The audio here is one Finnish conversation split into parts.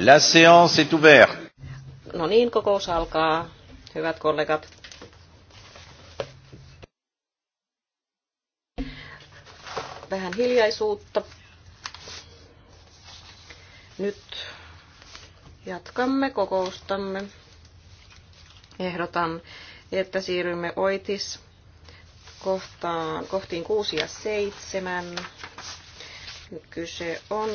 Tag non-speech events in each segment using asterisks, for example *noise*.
La séance est ouverte. No niin, kokous alkaa. Hyvät kollegat. Vähän hiljaisuutta. Nyt jatkamme kokoustamme. Ehdotan, että siirrymme Oitis kohtaan, kohtiin 6 ja 7. Kyse on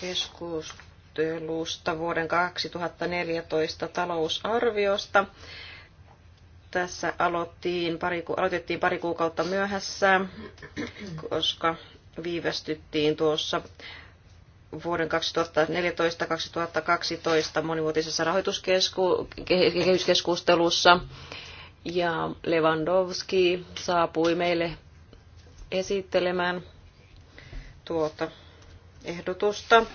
keskustelusta vuoden 2014 talousarviosta. Tässä aloittiin pari, aloitettiin pari kuukautta myöhässä, koska viivästyttiin tuossa vuoden 2014-2012 monivuotisessa rahoituskehyskeskustelussa. Ja Lewandowski saapui meille esittelemään tuota ehdotusta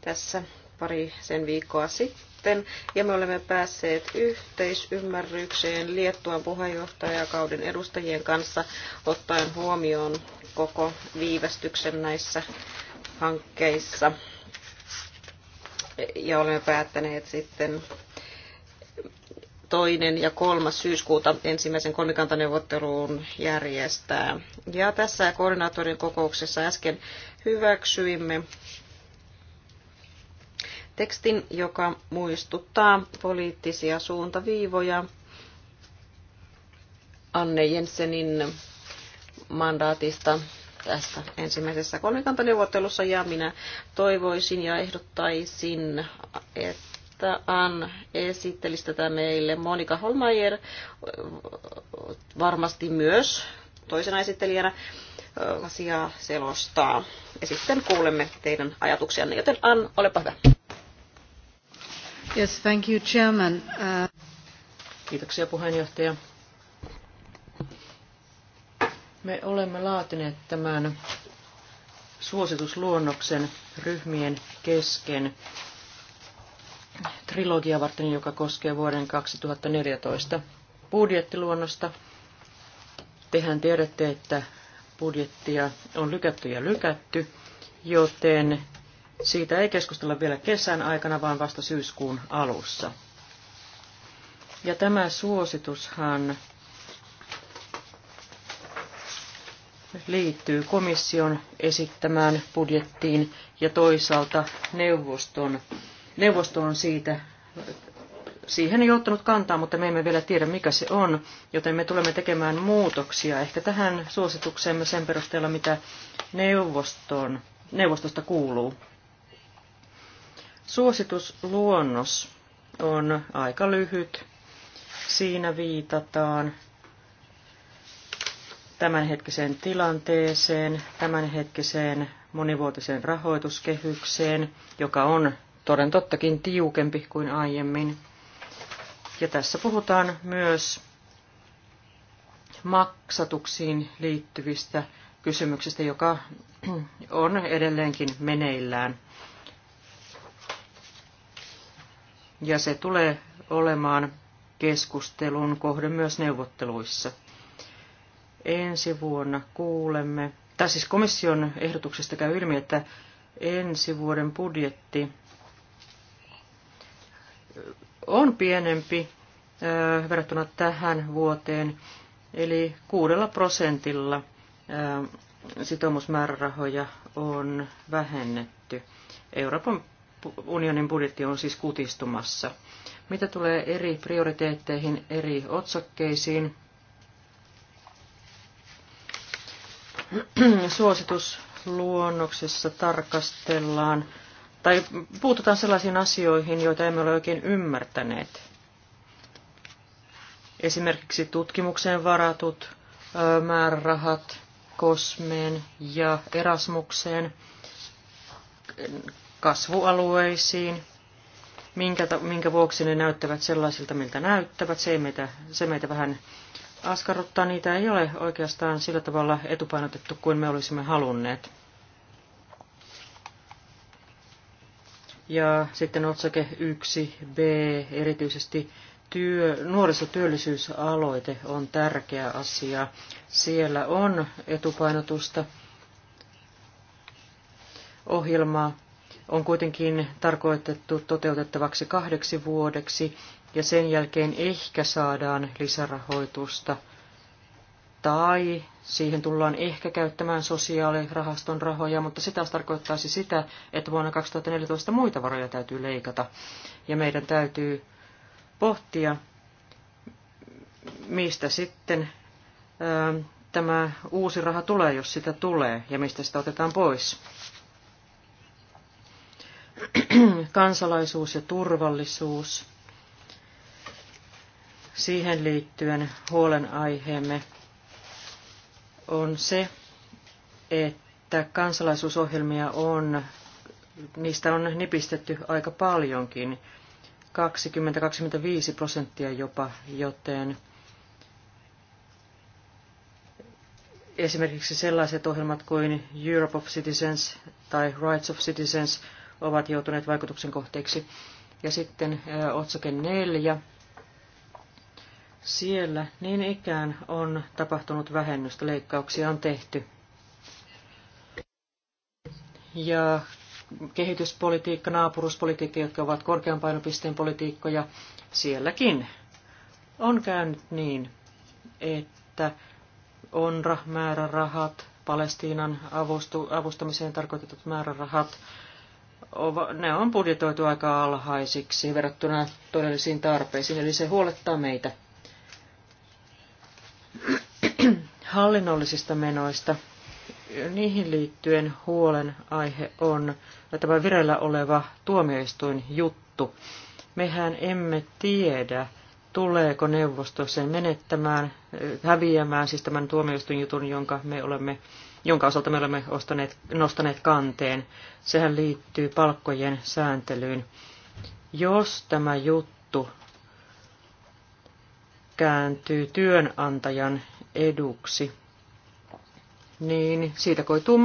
tässä pari sen viikkoa sitten. Ja me olemme päässeet yhteisymmärrykseen Liettuan puheenjohtajakauden edustajien kanssa ottaen huomioon koko viivästyksen näissä hankkeissa. Ja olemme päättäneet sitten toinen ja kolmas syyskuuta ensimmäisen kolmikantaneuvotteluun järjestää. Ja tässä koordinaattorin kokouksessa äsken hyväksyimme tekstin, joka muistuttaa poliittisia suuntaviivoja Anne Jensenin mandaatista tässä ensimmäisessä kolmikantaneuvottelussa ja minä toivoisin ja ehdottaisin, että vastaan esittelisi tätä meille Monika Holmeier varmasti myös toisena esittelijänä asiaa selostaa. Ja sitten kuulemme teidän ajatuksianne, joten Ann, olepa hyvä. Yes, thank you, Chairman. Uh... Kiitoksia puheenjohtaja. Me olemme laatineet tämän suositusluonnoksen ryhmien kesken trilogia varten, joka koskee vuoden 2014 budjettiluonnosta. Tehän tiedätte, että budjettia on lykätty ja lykätty, joten siitä ei keskustella vielä kesän aikana, vaan vasta syyskuun alussa. Ja tämä suositushan liittyy komission esittämään budjettiin ja toisaalta neuvoston Neuvosto on siitä, siihen ei ottanut kantaa, mutta me emme vielä tiedä mikä se on, joten me tulemme tekemään muutoksia ehkä tähän suositukseemme sen perusteella, mitä neuvoston, neuvostosta kuuluu. Suositusluonnos on aika lyhyt. Siinä viitataan tämänhetkiseen tilanteeseen, tämänhetkiseen monivuotiseen rahoituskehykseen, joka on toden tottakin tiukempi kuin aiemmin. Ja tässä puhutaan myös maksatuksiin liittyvistä kysymyksistä, joka *clears throat* on edelleenkin meneillään. Ja se tulee olemaan keskustelun kohde myös neuvotteluissa. Ensi vuonna kuulemme, tai siis komission ehdotuksesta käy ilmi, että ensi vuoden budjetti on pienempi verrattuna tähän vuoteen, eli kuudella prosentilla sitoumusmäärärahoja on vähennetty. Euroopan unionin budjetti on siis kutistumassa. Mitä tulee eri prioriteetteihin, eri otsakkeisiin, *clears throat* suositusluonnoksessa tarkastellaan tai puututaan sellaisiin asioihin, joita emme ole oikein ymmärtäneet. Esimerkiksi tutkimukseen varatut määrärahat Kosmeen ja Erasmukseen, kasvualueisiin, minkä, minkä vuoksi ne näyttävät sellaisilta, miltä näyttävät. Se, ei meitä, se meitä vähän askarruttaa. Niitä ei ole oikeastaan sillä tavalla etupainotettu kuin me olisimme halunneet. Ja sitten otsake 1b, erityisesti työ, nuorisotyöllisyysaloite on tärkeä asia. Siellä on etupainotusta ohjelmaa on kuitenkin tarkoitettu toteutettavaksi kahdeksi vuodeksi ja sen jälkeen ehkä saadaan lisärahoitusta – tai siihen tullaan ehkä käyttämään sosiaalirahaston rahoja, mutta se taas tarkoittaisi sitä, että vuonna 2014 muita varoja täytyy leikata. Ja meidän täytyy pohtia, mistä sitten ö, tämä uusi raha tulee, jos sitä tulee, ja mistä sitä otetaan pois. *clears throat* Kansalaisuus ja turvallisuus. Siihen liittyen huolenaiheemme on se, että kansalaisuusohjelmia on, niistä on nipistetty aika paljonkin, 20-25 prosenttia jopa, joten esimerkiksi sellaiset ohjelmat kuin Europe of Citizens tai Rights of Citizens ovat joutuneet vaikutuksen kohteeksi. Ja sitten otsake neljä siellä niin ikään on tapahtunut vähennystä, leikkauksia on tehty. Ja kehityspolitiikka, naapuruspolitiikka, jotka ovat korkean painopisteen politiikkoja, sielläkin on käynyt niin, että onra määrärahat, Palestiinan avustu, avustamiseen tarkoitetut määrärahat, ne on budjetoitu aika alhaisiksi verrattuna todellisiin tarpeisiin, eli se huolettaa meitä. Hallinnollisista menoista. Niihin liittyen huolen aihe on tämä vireillä oleva tuomioistuinjuttu. Mehän emme tiedä, tuleeko neuvosto sen menettämään, häviämään, siis tämän tuomioistuinjutun, jonka me olemme jonka osalta me olemme ostaneet, nostaneet kanteen. Sehän liittyy palkkojen sääntelyyn. Jos tämä juttu kääntyy työnantajan eduksi, niin siitä koituu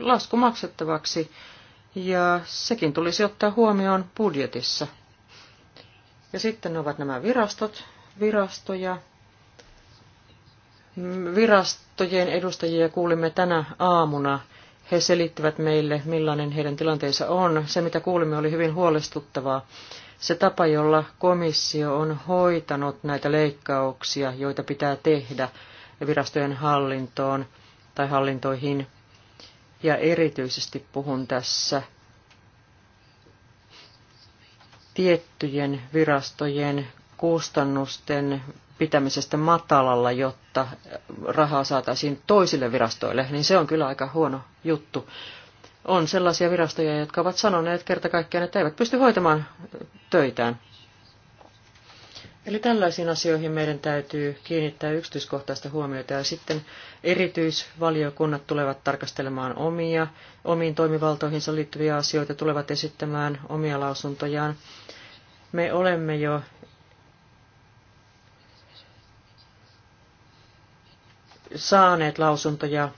lasku maksettavaksi ja sekin tulisi ottaa huomioon budjetissa. Ja sitten ovat nämä virastot, virastoja. Virastojen edustajia kuulimme tänä aamuna. He selittivät meille, millainen heidän tilanteensa on. Se, mitä kuulimme, oli hyvin huolestuttavaa. Se tapa, jolla komissio on hoitanut näitä leikkauksia, joita pitää tehdä virastojen hallintoon tai hallintoihin, ja erityisesti puhun tässä tiettyjen virastojen kustannusten pitämisestä matalalla, jotta rahaa saataisiin toisille virastoille, niin se on kyllä aika huono juttu on sellaisia virastoja, jotka ovat sanoneet kerta kaikkiaan, että eivät pysty hoitamaan töitään. Eli tällaisiin asioihin meidän täytyy kiinnittää yksityiskohtaista huomiota ja sitten erityisvaliokunnat tulevat tarkastelemaan omia, omiin toimivaltoihinsa liittyviä asioita, tulevat esittämään omia lausuntojaan. Me olemme jo saaneet lausuntoja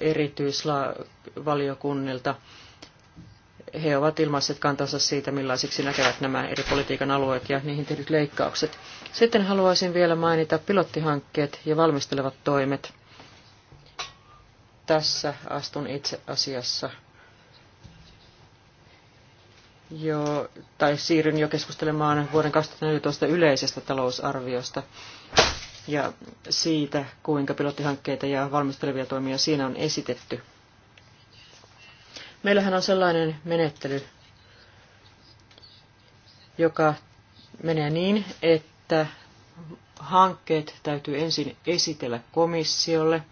erityisvaliokunnilta. He ovat ilmaisseet kantansa siitä, millaisiksi näkevät nämä eri politiikan alueet ja niihin tehdyt leikkaukset. Sitten haluaisin vielä mainita pilottihankkeet ja valmistelevat toimet. Tässä astun itse asiassa jo, tai siirryn jo keskustelemaan vuoden 2014 yleisestä talousarviosta ja siitä, kuinka pilottihankkeita ja valmistelevia toimia siinä on esitetty. Meillähän on sellainen menettely, joka menee niin, että hankkeet täytyy ensin esitellä komissiolle.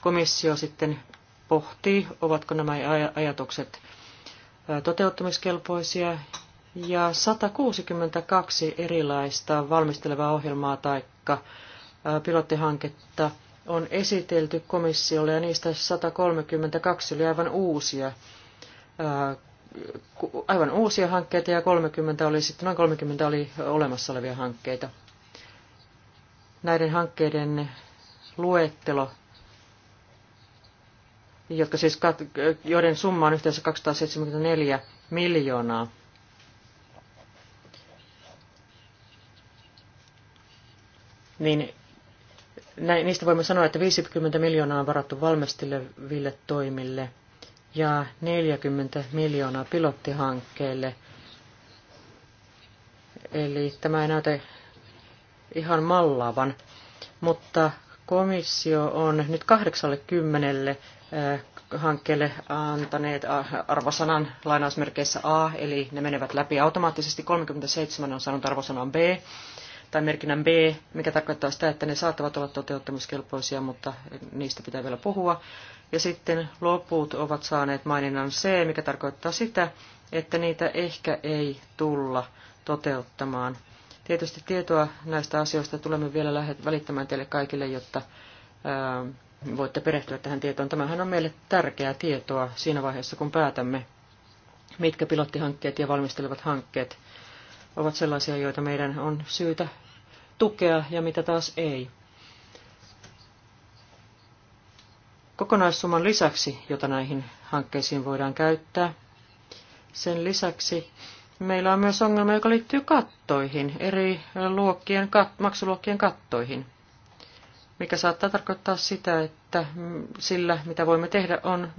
Komissio sitten pohtii, ovatko nämä ajatukset toteuttamiskelpoisia. Ja 162 erilaista valmistelevaa ohjelmaa tai pilottihanketta on esitelty komissiolle ja niistä 132 oli aivan uusia aivan uusia hankkeita ja 30 oli, sitten noin 30 oli olemassa olevia hankkeita. Näiden hankkeiden luettelo, jotka siis, joiden summa on yhteensä 274 miljoonaa, niin niistä voimme sanoa, että 50 miljoonaa on varattu valmisteleville toimille ja 40 miljoonaa pilottihankkeelle. Eli tämä ei näytä ihan mallaavan, mutta komissio on nyt 80 eh, hankkeelle antaneet arvosanan lainausmerkeissä A, eli ne menevät läpi automaattisesti. 37 on saanut arvosanan B, tai merkinnän B, mikä tarkoittaa sitä, että ne saattavat olla toteuttamiskelpoisia, mutta niistä pitää vielä puhua. Ja sitten loput ovat saaneet maininnan C, mikä tarkoittaa sitä, että niitä ehkä ei tulla toteuttamaan. Tietysti tietoa näistä asioista tulemme vielä välittämään teille kaikille, jotta ää, voitte perehtyä tähän tietoon. Tämähän on meille tärkeää tietoa siinä vaiheessa, kun päätämme, mitkä pilottihankkeet ja valmistelevat hankkeet ovat sellaisia, joita meidän on syytä tukea ja mitä taas ei. Kokonaissumman lisäksi, jota näihin hankkeisiin voidaan käyttää, sen lisäksi meillä on myös ongelma, joka liittyy kattoihin, eri luokkien, kat, maksuluokkien kattoihin, mikä saattaa tarkoittaa sitä, että sillä, mitä voimme tehdä, on,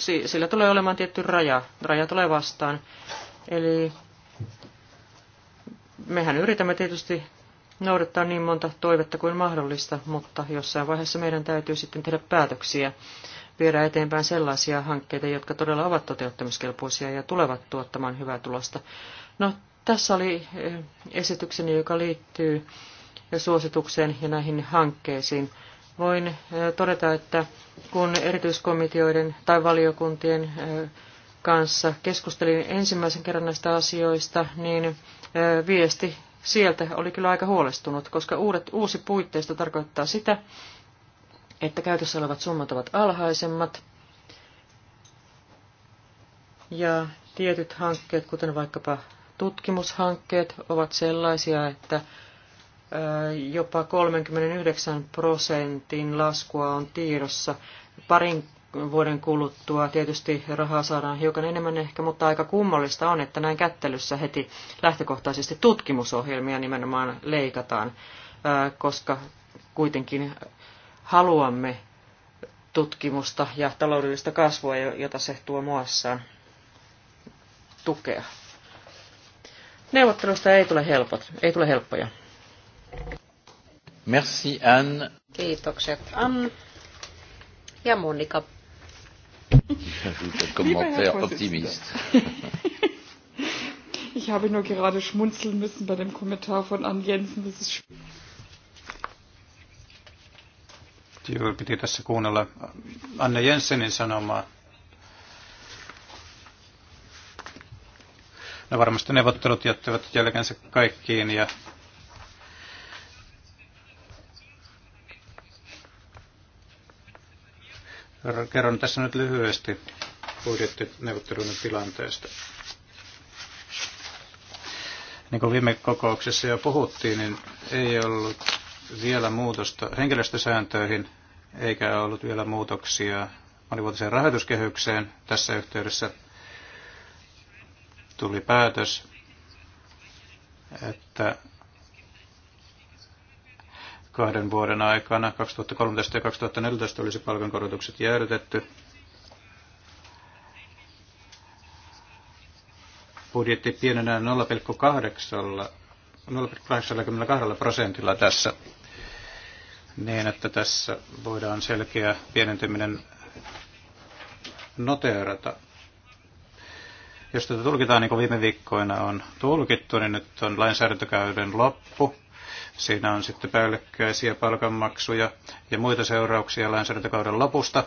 sillä tulee olemaan tietty raja, raja tulee vastaan. Eli mehän yritämme tietysti noudattaa niin monta toivetta kuin mahdollista, mutta jossain vaiheessa meidän täytyy sitten tehdä päätöksiä, viedä eteenpäin sellaisia hankkeita, jotka todella ovat toteuttamiskelpoisia ja tulevat tuottamaan hyvää tulosta. No, tässä oli eh, esitykseni, joka liittyy suositukseen ja näihin hankkeisiin. Voin eh, todeta, että kun erityiskomiteoiden tai valiokuntien eh, kanssa keskustelin ensimmäisen kerran näistä asioista, niin viesti sieltä oli kyllä aika huolestunut, koska uudet, uusi puitteisto tarkoittaa sitä, että käytössä olevat summat ovat alhaisemmat ja tietyt hankkeet, kuten vaikkapa tutkimushankkeet, ovat sellaisia, että jopa 39 prosentin laskua on tiedossa. Parin vuoden kuluttua. Tietysti rahaa saadaan hiukan enemmän ehkä, mutta aika kummallista on, että näin kättelyssä heti lähtökohtaisesti tutkimusohjelmia nimenomaan leikataan, koska kuitenkin haluamme tutkimusta ja taloudellista kasvua, jota se tuo muassaan tukea. Neuvottelusta ei tule helpot, ei tule helppoja. Merci Anne. Kiitokset Anne ja Monika J'ajoute un commentaire optimiste. Ich habe nur gerade schmunzeln müssen bei dem Kommentar von Ann Jensen. Das ist Juuri piti tässä kuunnella Anne Jensenin sanomaa. No varmasti neuvottelut jättävät jälkensä kaikkiin ja Kerron tässä nyt lyhyesti budjettineuvotteluiden tilanteesta. Niin kuin viime kokouksessa jo puhuttiin, niin ei ollut vielä muutosta henkilöstösääntöihin eikä ollut vielä muutoksia monivuotiseen rahoituskehykseen. Tässä yhteydessä tuli päätös, että kahden vuoden aikana, 2013 ja 2014, olisi palkankorotukset jäädytetty. Budjetti pienenee 0,82 prosentilla tässä, niin että tässä voidaan selkeä pienentyminen noteerata. Jos tätä tulkitaan niin kuin viime viikkoina on tulkittu, niin nyt on lainsäädäntökäyden loppu Siinä on sitten päällekkäisiä palkanmaksuja ja muita seurauksia lainsäädäntökauden lopusta.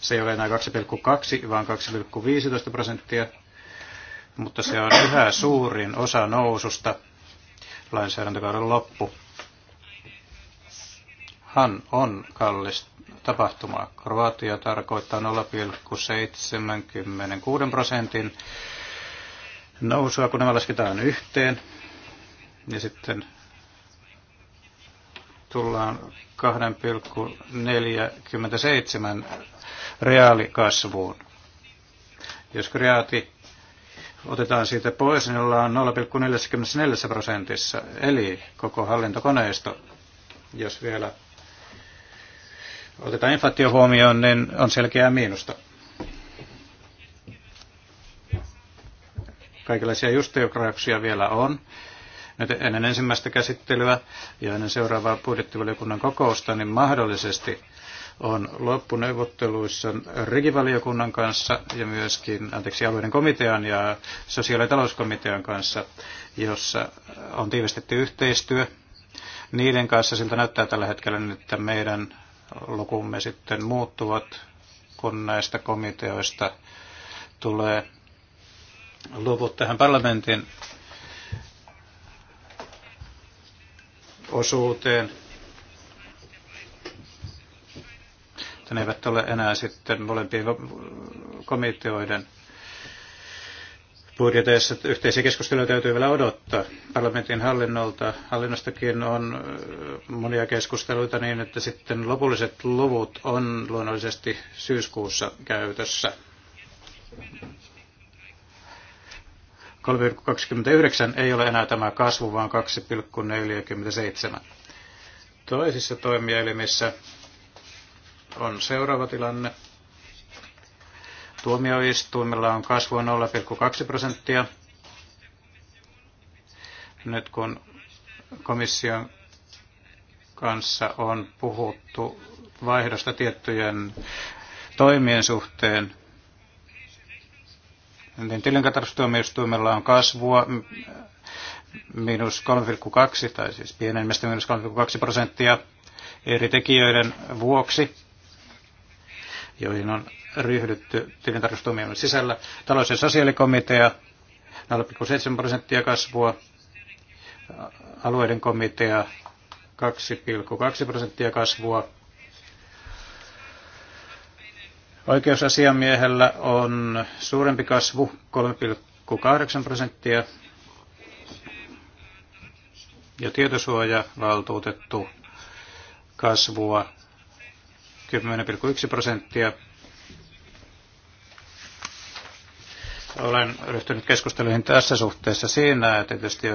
Se ei ole enää 2,2 vaan 2,15 prosenttia, mutta se on yhä suurin osa noususta lainsäädäntökauden loppu. Han on kallis tapahtuma. Kroatia tarkoittaa 0,76 prosentin nousua, kun nämä lasketaan yhteen. Ja sitten tullaan 2,47 reaalikasvuun. Jos reaati otetaan siitä pois, niin ollaan 0,44 prosentissa, eli koko hallintokoneisto, jos vielä otetaan inflaatio huomioon, niin on selkeää miinusta. Kaikenlaisia justeokrauksia vielä on nyt ennen ensimmäistä käsittelyä ja ennen seuraavaa budjettivaliokunnan kokousta, niin mahdollisesti on loppuneuvotteluissa rigivaliokunnan kanssa ja myöskin, anteeksi, alueiden komitean ja sosiaali- ja talouskomitean kanssa, jossa on tiivistetty yhteistyö. Niiden kanssa siltä näyttää tällä hetkellä, että meidän lukumme sitten muuttuvat, kun näistä komiteoista tulee luvut tähän parlamentin osuuteen. Ne eivät ole enää sitten molempien komiteoiden budjeteissa yhteisiä keskusteluja täytyy vielä odottaa. Parlamentin hallinnolta, hallinnostakin on monia keskusteluita niin, että sitten lopulliset luvut on luonnollisesti syyskuussa käytössä. 3,29 ei ole enää tämä kasvu, vaan 2,47. Toisissa toimielimissä on seuraava tilanne. Tuomioistuimella on kasvu 0,2 prosenttia. Nyt kun komission kanssa on puhuttu vaihdosta tiettyjen toimien suhteen, niin tilinkatarkastustuomioistuimella on kasvua miinus 3,2, tai siis pienemmästä miinus 3,2 prosenttia eri tekijöiden vuoksi, joihin on ryhdytty tilintarkastustuomioiden sisällä. Talous- ja sosiaalikomitea 0,7 prosenttia kasvua, alueiden komitea 2,2 prosenttia kasvua, Oikeusasiamiehellä on suurempi kasvu 3,8 prosenttia ja tietosuojavaltuutettu kasvua 10,1 prosenttia. Olen ryhtynyt keskusteluihin tässä suhteessa siinä, että tietysti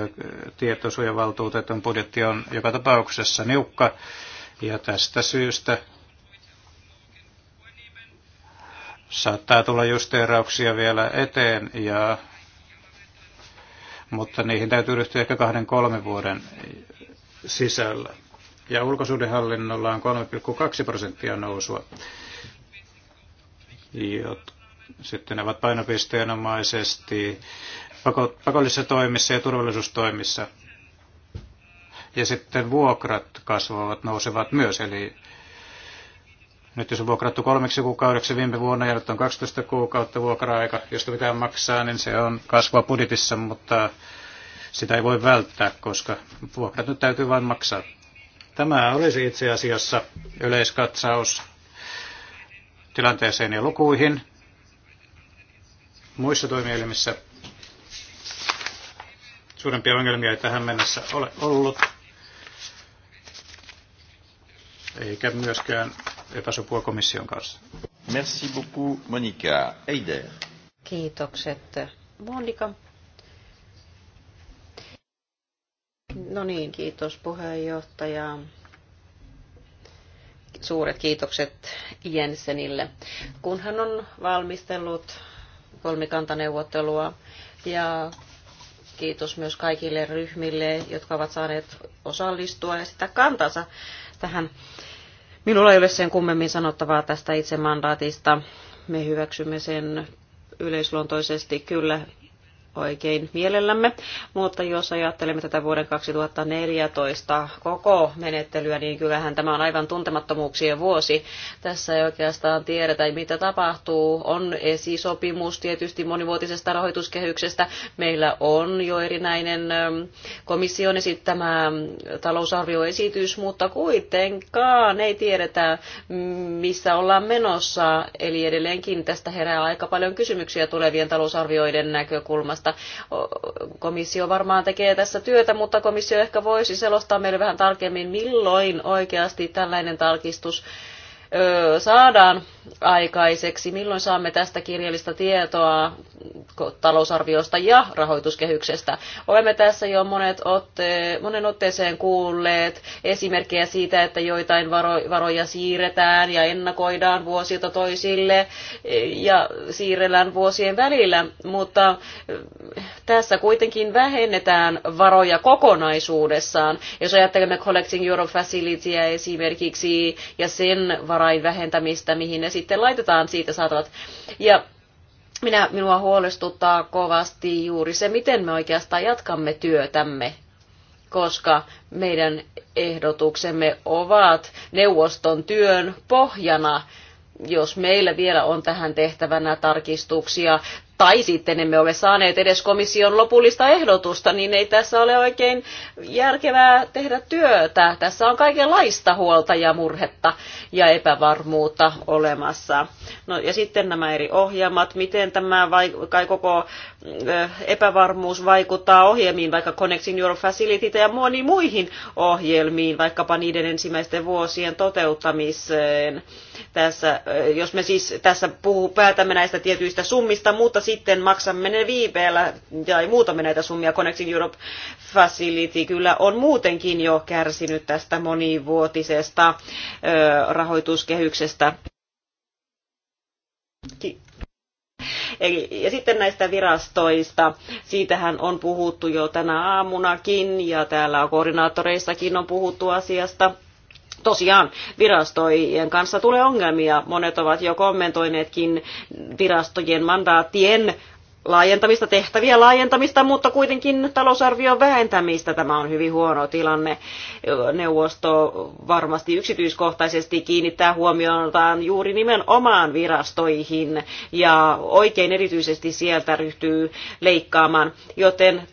tietosuojavaltuutetun budjetti on joka tapauksessa niukka ja tästä syystä Saattaa tulla justeerauksia vielä eteen, ja, mutta niihin täytyy ryhtyä ehkä kahden kolmen vuoden sisällä. Ja ulkosuudenhallinnolla on 3,2 prosenttia nousua. Jot, sitten ne ovat painopisteenomaisesti pako, pakollisissa toimissa ja turvallisuustoimissa. Ja sitten vuokrat kasvavat, nousevat myös, eli nyt jos on vuokrattu kolmeksi kuukaudeksi viime vuonna ja nyt on 12 kuukautta vuokra-aika, josta pitää maksaa, niin se on kasvua budjetissa, mutta sitä ei voi välttää, koska vuokrat nyt täytyy vain maksaa. Tämä olisi itse asiassa yleiskatsaus tilanteeseen ja lukuihin muissa toimielimissä. Suurempia ongelmia ei tähän mennessä ole ollut, eikä myöskään epäsopua komission kanssa. Merci beaucoup, Monika Eider. Kiitokset, Monika. No niin, kiitos puheenjohtaja. Suuret kiitokset Jensenille, kun hän on valmistellut kolmikantaneuvottelua ja kiitos myös kaikille ryhmille, jotka ovat saaneet osallistua ja sitä kantansa tähän Minulla ei ole sen kummemmin sanottavaa tästä itse mandaatista. Me hyväksymme sen yleisluontoisesti kyllä oikein mielellämme, mutta jos ajattelemme tätä vuoden 2014 koko menettelyä, niin kyllähän tämä on aivan tuntemattomuuksien vuosi. Tässä ei oikeastaan tiedetä, mitä tapahtuu. On esisopimus tietysti monivuotisesta rahoituskehyksestä. Meillä on jo erinäinen ähm, komission esittämä talousarvioesitys, mutta kuitenkaan ei tiedetä, missä ollaan menossa. Eli edelleenkin tästä herää aika paljon kysymyksiä tulevien talousarvioiden näkökulmasta tällaista. Komissio varmaan tekee tässä työtä, mutta komissio ehkä voisi selostaa meille vähän tarkemmin, milloin oikeasti tällainen tarkistus saadaan aikaiseksi? Milloin saamme tästä kirjallista tietoa talousarviosta ja rahoituskehyksestä? Olemme tässä jo monet otte, monen otteeseen kuulleet esimerkkejä siitä, että joitain varo, varoja siirretään ja ennakoidaan vuosilta toisille ja siirrellään vuosien välillä, mutta eh, tässä kuitenkin vähennetään varoja kokonaisuudessaan. Jos ajattelemme Collecting Europe Facilityä esimerkiksi ja sen varain vähentämistä, mihin ne sitten laitetaan siitä saatavat. Ja minä, minua huolestuttaa kovasti juuri se, miten me oikeastaan jatkamme työtämme, koska meidän ehdotuksemme ovat neuvoston työn pohjana jos meillä vielä on tähän tehtävänä tarkistuksia tai sitten emme ole saaneet edes komission lopullista ehdotusta, niin ei tässä ole oikein järkevää tehdä työtä. Tässä on kaikenlaista huolta ja murhetta ja epävarmuutta olemassa. No ja sitten nämä eri ohjelmat, miten tämä vai, koko epävarmuus vaikuttaa ohjelmiin, vaikka Connecting Europe Facility ja moniin muihin ohjelmiin, vaikkapa niiden ensimmäisten vuosien toteuttamiseen. Tässä, jos me siis tässä puhu, päätämme näistä tietyistä summista, mutta sitten maksamme ne viipeellä tai muutamme näitä summia. Connecting Europe Facility kyllä on muutenkin jo kärsinyt tästä monivuotisesta rahoituskehyksestä. Ki- Eli, ja sitten näistä virastoista, siitähän on puhuttu jo tänä aamunakin ja täällä koordinaattoreissakin on puhuttu asiasta tosiaan virastojen kanssa tulee ongelmia. Monet ovat jo kommentoineetkin virastojen mandaattien laajentamista, tehtäviä laajentamista, mutta kuitenkin talousarvion vähentämistä. Tämä on hyvin huono tilanne. Neuvosto varmasti yksityiskohtaisesti kiinnittää huomiotaan juuri nimenomaan virastoihin ja oikein erityisesti sieltä ryhtyy leikkaamaan, joten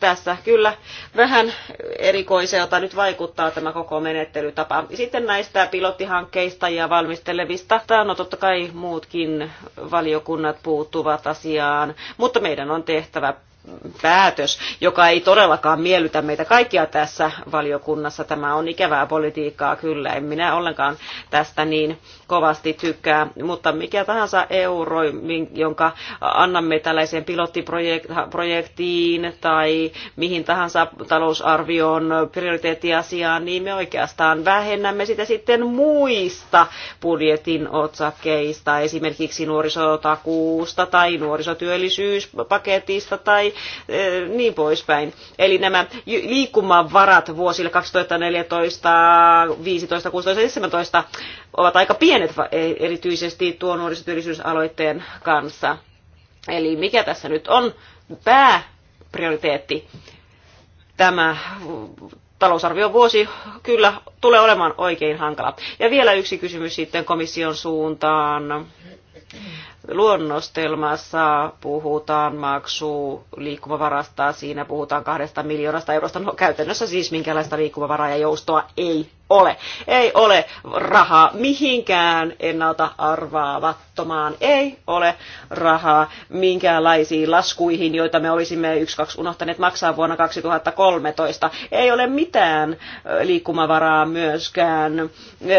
tässä kyllä vähän erikoiselta nyt vaikuttaa tämä koko menettelytapa. Sitten näistä pilottihankkeista ja valmistelevista, no totta kai muutkin valiokunnat puuttuvat asiaan, mutta meidän on tehtävä päätös, joka ei todellakaan miellytä meitä kaikkia tässä valiokunnassa. Tämä on ikävää politiikkaa kyllä, en minä ollenkaan tästä niin kovasti tykkää, mutta mikä tahansa euro, jonka annamme tällaiseen pilottiprojektiin tai mihin tahansa talousarvion prioriteettiasiaan, niin me oikeastaan vähennämme sitä sitten muista budjetin otsakkeista, esimerkiksi nuorisotakuusta tai nuorisotyöllisyyspaketista tai niin poispäin. Eli nämä liikkumavarat vuosille 2014, 2015 2016 ja 2017 ovat aika pienet e- erityisesti tuon nuorisotyöllisyysaloitteen kanssa. Eli mikä tässä nyt on pääprioriteetti? Tämä vuosi? kyllä tulee olemaan oikein hankala. Ja vielä yksi kysymys sitten komission suuntaan Luonnostelmassa puhutaan maksu liikkumavarasta, siinä puhutaan kahdesta miljoonasta eurosta. No, käytännössä siis minkälaista liikkumavaraa ja joustoa ei ole. Ei ole rahaa mihinkään ennalta arvaavattomaan. Ei ole rahaa minkäänlaisiin laskuihin, joita me olisimme yksi kaksi unohtaneet maksaa vuonna 2013. Ei ole mitään liikkumavaraa myöskään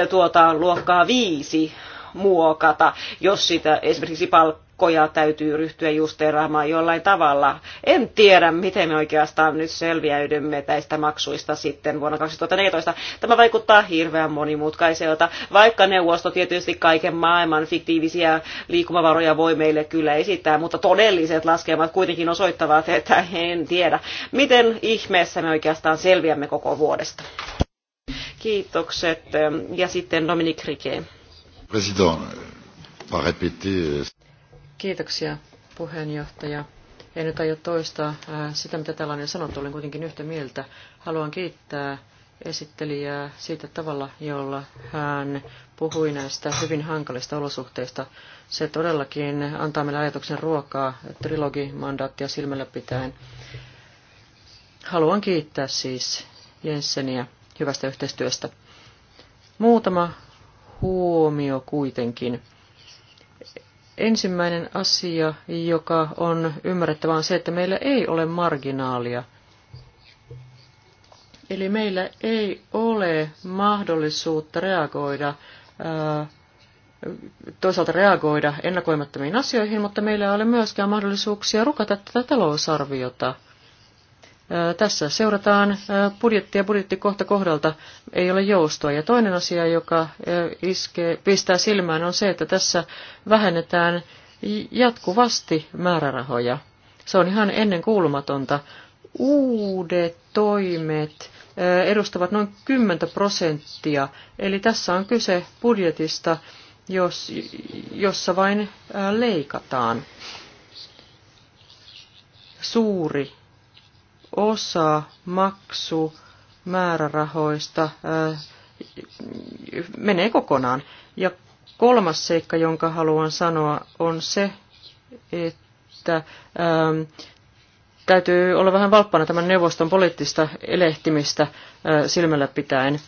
tuota luokkaa viisi muokata, jos sitä esimerkiksi palkkoja täytyy ryhtyä justeeraamaan jollain tavalla. En tiedä, miten me oikeastaan nyt selviäydymme tästä maksuista sitten vuonna 2014. Tämä vaikuttaa hirveän monimutkaiselta, vaikka neuvosto tietysti kaiken maailman fiktiivisiä liikkumavaroja voi meille kyllä esittää, mutta todelliset laskelmat kuitenkin osoittavat, että en tiedä, miten ihmeessä me oikeastaan selviämme koko vuodesta. Kiitokset. Ja sitten Dominik Rikeen. Euh, Kiitoksia puheenjohtaja. En nyt aio toistaa äh, sitä, mitä täällä on jo sanottu, olen kuitenkin yhtä mieltä. Haluan kiittää esittelijää siitä tavalla, jolla hän puhui näistä hyvin hankalista olosuhteista. Se todellakin antaa meille ajatuksen ruokaa trilogimandaattia silmällä pitäen. Haluan kiittää siis Jenseniä hyvästä yhteistyöstä. Muutama huomio kuitenkin. Ensimmäinen asia, joka on ymmärrettävä, on se, että meillä ei ole marginaalia. Eli meillä ei ole mahdollisuutta reagoida, toisaalta reagoida ennakoimattomiin asioihin, mutta meillä ei ole myöskään mahdollisuuksia rukata tätä talousarviota – tässä seurataan budjettia budjetti kohta kohdalta, ei ole joustoa. Ja toinen asia, joka iskee, pistää silmään, on se, että tässä vähennetään jatkuvasti määrärahoja. Se on ihan ennen kuulumatonta. Uudet toimet edustavat noin 10 prosenttia, eli tässä on kyse budjetista, jos, jossa vain leikataan. Suuri osa äh, menee kokonaan. Ja kolmas seikka, jonka haluan sanoa, on se, että ähm, täytyy olla vähän valppana tämän neuvoston poliittista elehtimistä äh, silmällä pitäen.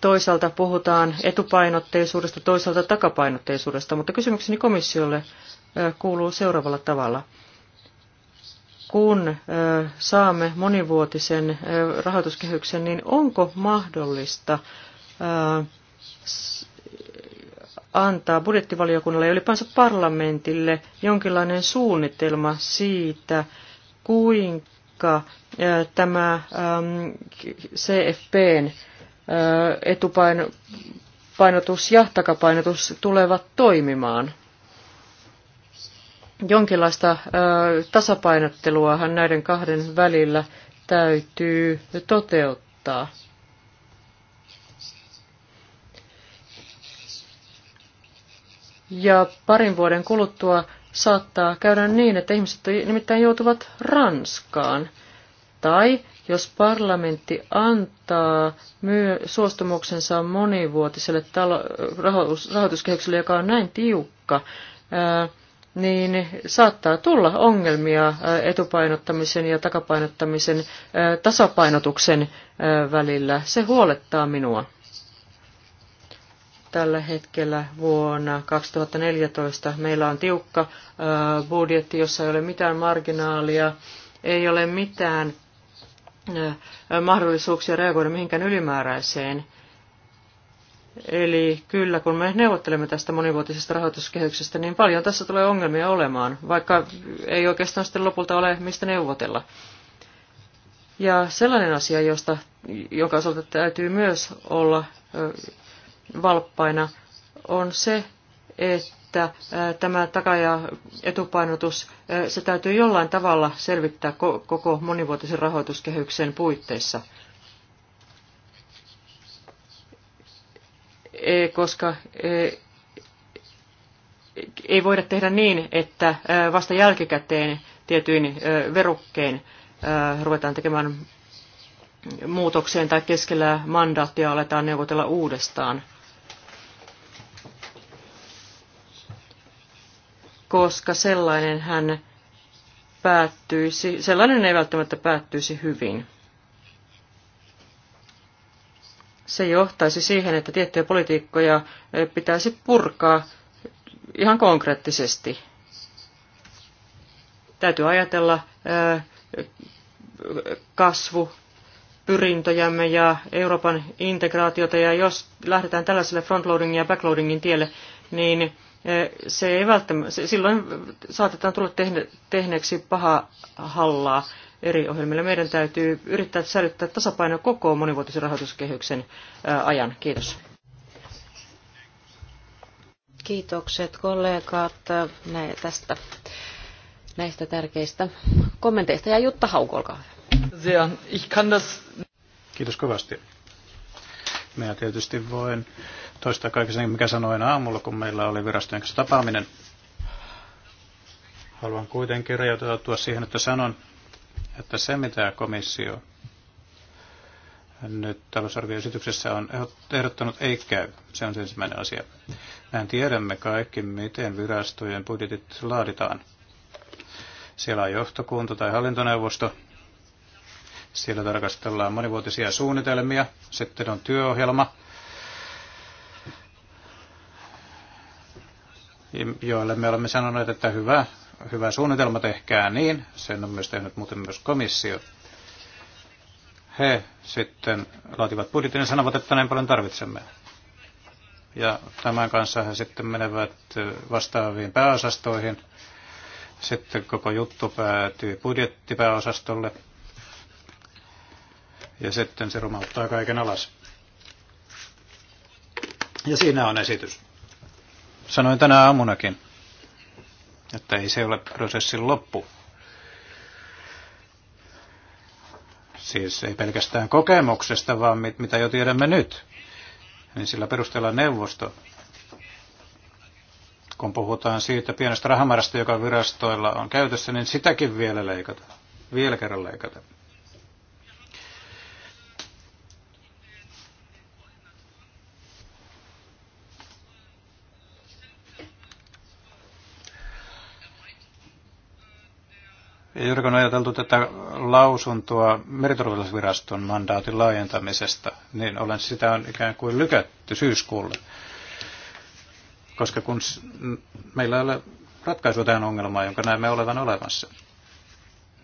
Toisaalta puhutaan etupainotteisuudesta, toisaalta takapainotteisuudesta, mutta kysymykseni komissiolle kuuluu seuraavalla tavalla. Kun saamme monivuotisen rahoituskehyksen, niin onko mahdollista antaa budjettivaliokunnalle ja ylipäänsä parlamentille jonkinlainen suunnitelma siitä, kuinka tämä CFPn etupainotus ja takapainotus tulevat toimimaan jonkinlaista tasapainotteluahan näiden kahden välillä täytyy toteuttaa. Ja parin vuoden kuluttua saattaa käydä niin, että ihmiset nimittäin joutuvat Ranskaan. Tai jos parlamentti antaa myö- suostumuksensa monivuotiselle talo- rahoituskehykselle, joka on näin tiukka, ää, niin saattaa tulla ongelmia äh, etupainottamisen ja takapainottamisen äh, tasapainotuksen äh, välillä. Se huolettaa minua. Tällä hetkellä vuonna 2014 meillä on tiukka budjetti, jossa ei ole mitään marginaalia, ei ole mitään mahdollisuuksia reagoida mihinkään ylimääräiseen – Eli kyllä, kun me neuvottelemme tästä monivuotisesta rahoituskehyksestä, niin paljon tässä tulee ongelmia olemaan, vaikka ei oikeastaan sitten lopulta ole mistä neuvotella. Ja sellainen asia, josta, jonka osalta täytyy myös olla valppaina, on se, että tämä taka- ja etupainotus, se täytyy jollain tavalla selvittää koko monivuotisen rahoituskehyksen puitteissa – Eh, koska eh, ei voida tehdä niin, että eh, vasta jälkikäteen tietyin verukkein ruvetaan tekemään muutokseen tai keskellä mandaattia aletaan neuvotella uudestaan. Koska sellainen hän päättyisi, sellainen ei välttämättä päättyisi hyvin. se johtaisi siihen, että tiettyjä politiikkoja pitäisi purkaa ihan konkreettisesti. Täytyy ajatella kasvu pyrintöjämme ja Euroopan integraatiota, ja jos lähdetään tällaiselle frontloadingin ja backloadingin tielle, niin se ei välttämättä, silloin saatetaan tulla tehne, tehneeksi paha hallaa eri ohjelmille. Meidän täytyy yrittää säilyttää tasapaino koko monivuotisen rahoituskehyksen ajan. Kiitos. Kiitokset kollegat tästä, näistä tärkeistä kommenteista. Ja Jutta Hauko, olkaa hyvä. Kiitos kovasti. Minä tietysti voin toistaa kaiken sen, mikä sanoin aamulla, kun meillä oli virastojen kanssa tapaaminen. Haluan kuitenkin rajoitautua siihen, että sanon, että se mitä komissio nyt talousarvioesityksessä on ehdottanut ei käy. Se on se ensimmäinen asia. Mehän tiedämme kaikki, miten virastojen budjetit laaditaan. Siellä on johtokunta tai hallintoneuvosto. Siellä tarkastellaan monivuotisia suunnitelmia. Sitten on työohjelma, joille me olemme sanoneet, että hyvä, hyvä suunnitelma, tehkää niin. Sen on myös tehnyt muuten myös komissio. He sitten laativat budjetin ja sanovat, että näin paljon tarvitsemme. Ja tämän kanssa he sitten menevät vastaaviin pääosastoihin. Sitten koko juttu päätyy budjettipääosastolle. Ja sitten se rumauttaa kaiken alas. Ja siinä on esitys. Sanoin tänä aamunakin että ei se ole prosessin loppu. Siis ei pelkästään kokemuksesta, vaan mit, mitä jo tiedämme nyt. Niin sillä perusteella neuvosto, kun puhutaan siitä pienestä rahamäärästä, joka virastoilla on käytössä, niin sitäkin vielä leikata. Vielä kerran leikata. juuri kun on ajateltu tätä lausuntoa meriturvallisuusviraston mandaatin laajentamisesta, niin olen sitä on ikään kuin lykätty syyskuulle. Koska kun meillä ei ole ratkaisua tähän ongelmaan, jonka näemme olevan olemassa.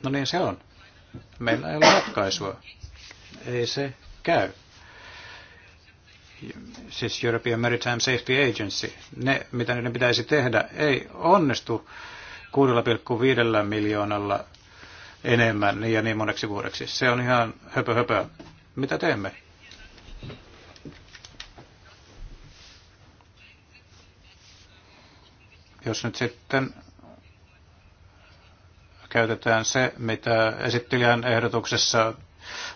No niin se on. Meillä ei ole ratkaisua. Ei se käy. Siis European Maritime Safety Agency, ne mitä niiden pitäisi tehdä, ei onnistu 6,5 miljoonalla enemmän niin ja niin moneksi vuodeksi. Se on ihan höpö höpö. Mitä teemme? Jos nyt sitten käytetään se, mitä esittelijän ehdotuksessa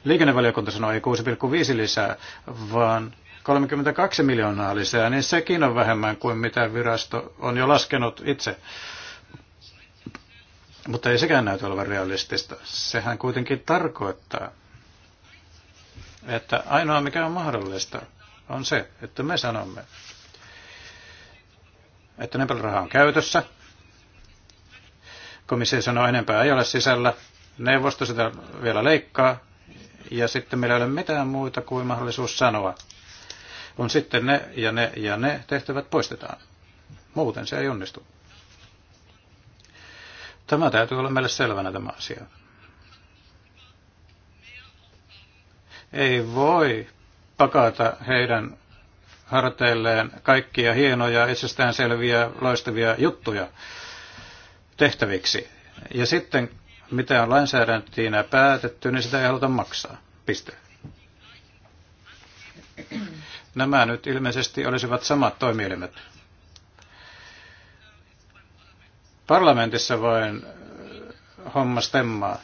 liikennevaliokunta sanoi, ei 6,5 lisää, vaan 32 miljoonaa lisää, niin sekin on vähemmän kuin mitä virasto on jo laskenut itse. Mutta ei sekään näytä olevan realistista. Sehän kuitenkin tarkoittaa, että ainoa mikä on mahdollista on se, että me sanomme, että ne raha on käytössä. Komissio sanoo, enempää ei ole sisällä. Neuvosto sitä vielä leikkaa. Ja sitten meillä ei ole mitään muuta kuin mahdollisuus sanoa. On sitten ne ja ne ja ne tehtävät poistetaan. Muuten se ei onnistu. Tämä täytyy olla meille selvänä tämä asia. Ei voi pakata heidän harteilleen kaikkia hienoja, itsestäänselviä, loistavia juttuja tehtäviksi. Ja sitten, mitä on lainsäädäntöinä päätetty, niin sitä ei haluta maksaa. Piste. Nämä nyt ilmeisesti olisivat samat toimielimet. Parlamentissa vain äh, homma stemmaa.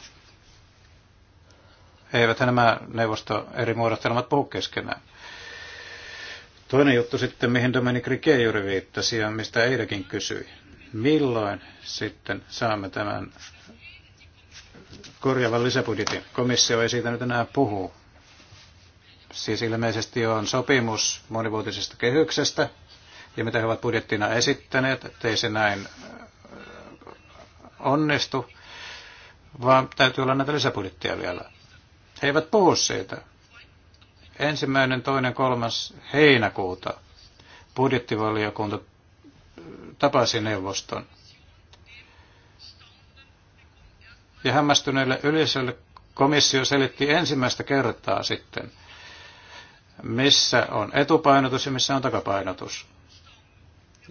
Eivät nämä neuvosto eri muodostelmat puhu keskenään. Toinen juttu sitten, mihin Dominic Riquet juuri viittasi ja mistä Eidakin kysyi. Milloin sitten saamme tämän korjaavan lisäbudjetin? Komissio ei siitä nyt enää puhu. Siis ilmeisesti on sopimus monivuotisesta kehyksestä ja mitä he ovat budjettina esittäneet, ettei se näin äh, onnistu, vaan täytyy olla näitä lisäbudjettia vielä. He eivät puhu siitä. Ensimmäinen, toinen, kolmas heinäkuuta budjettivaliokunta tapasi neuvoston. Ja hämmästyneelle yleisölle komissio selitti ensimmäistä kertaa sitten, missä on etupainotus ja missä on takapainotus.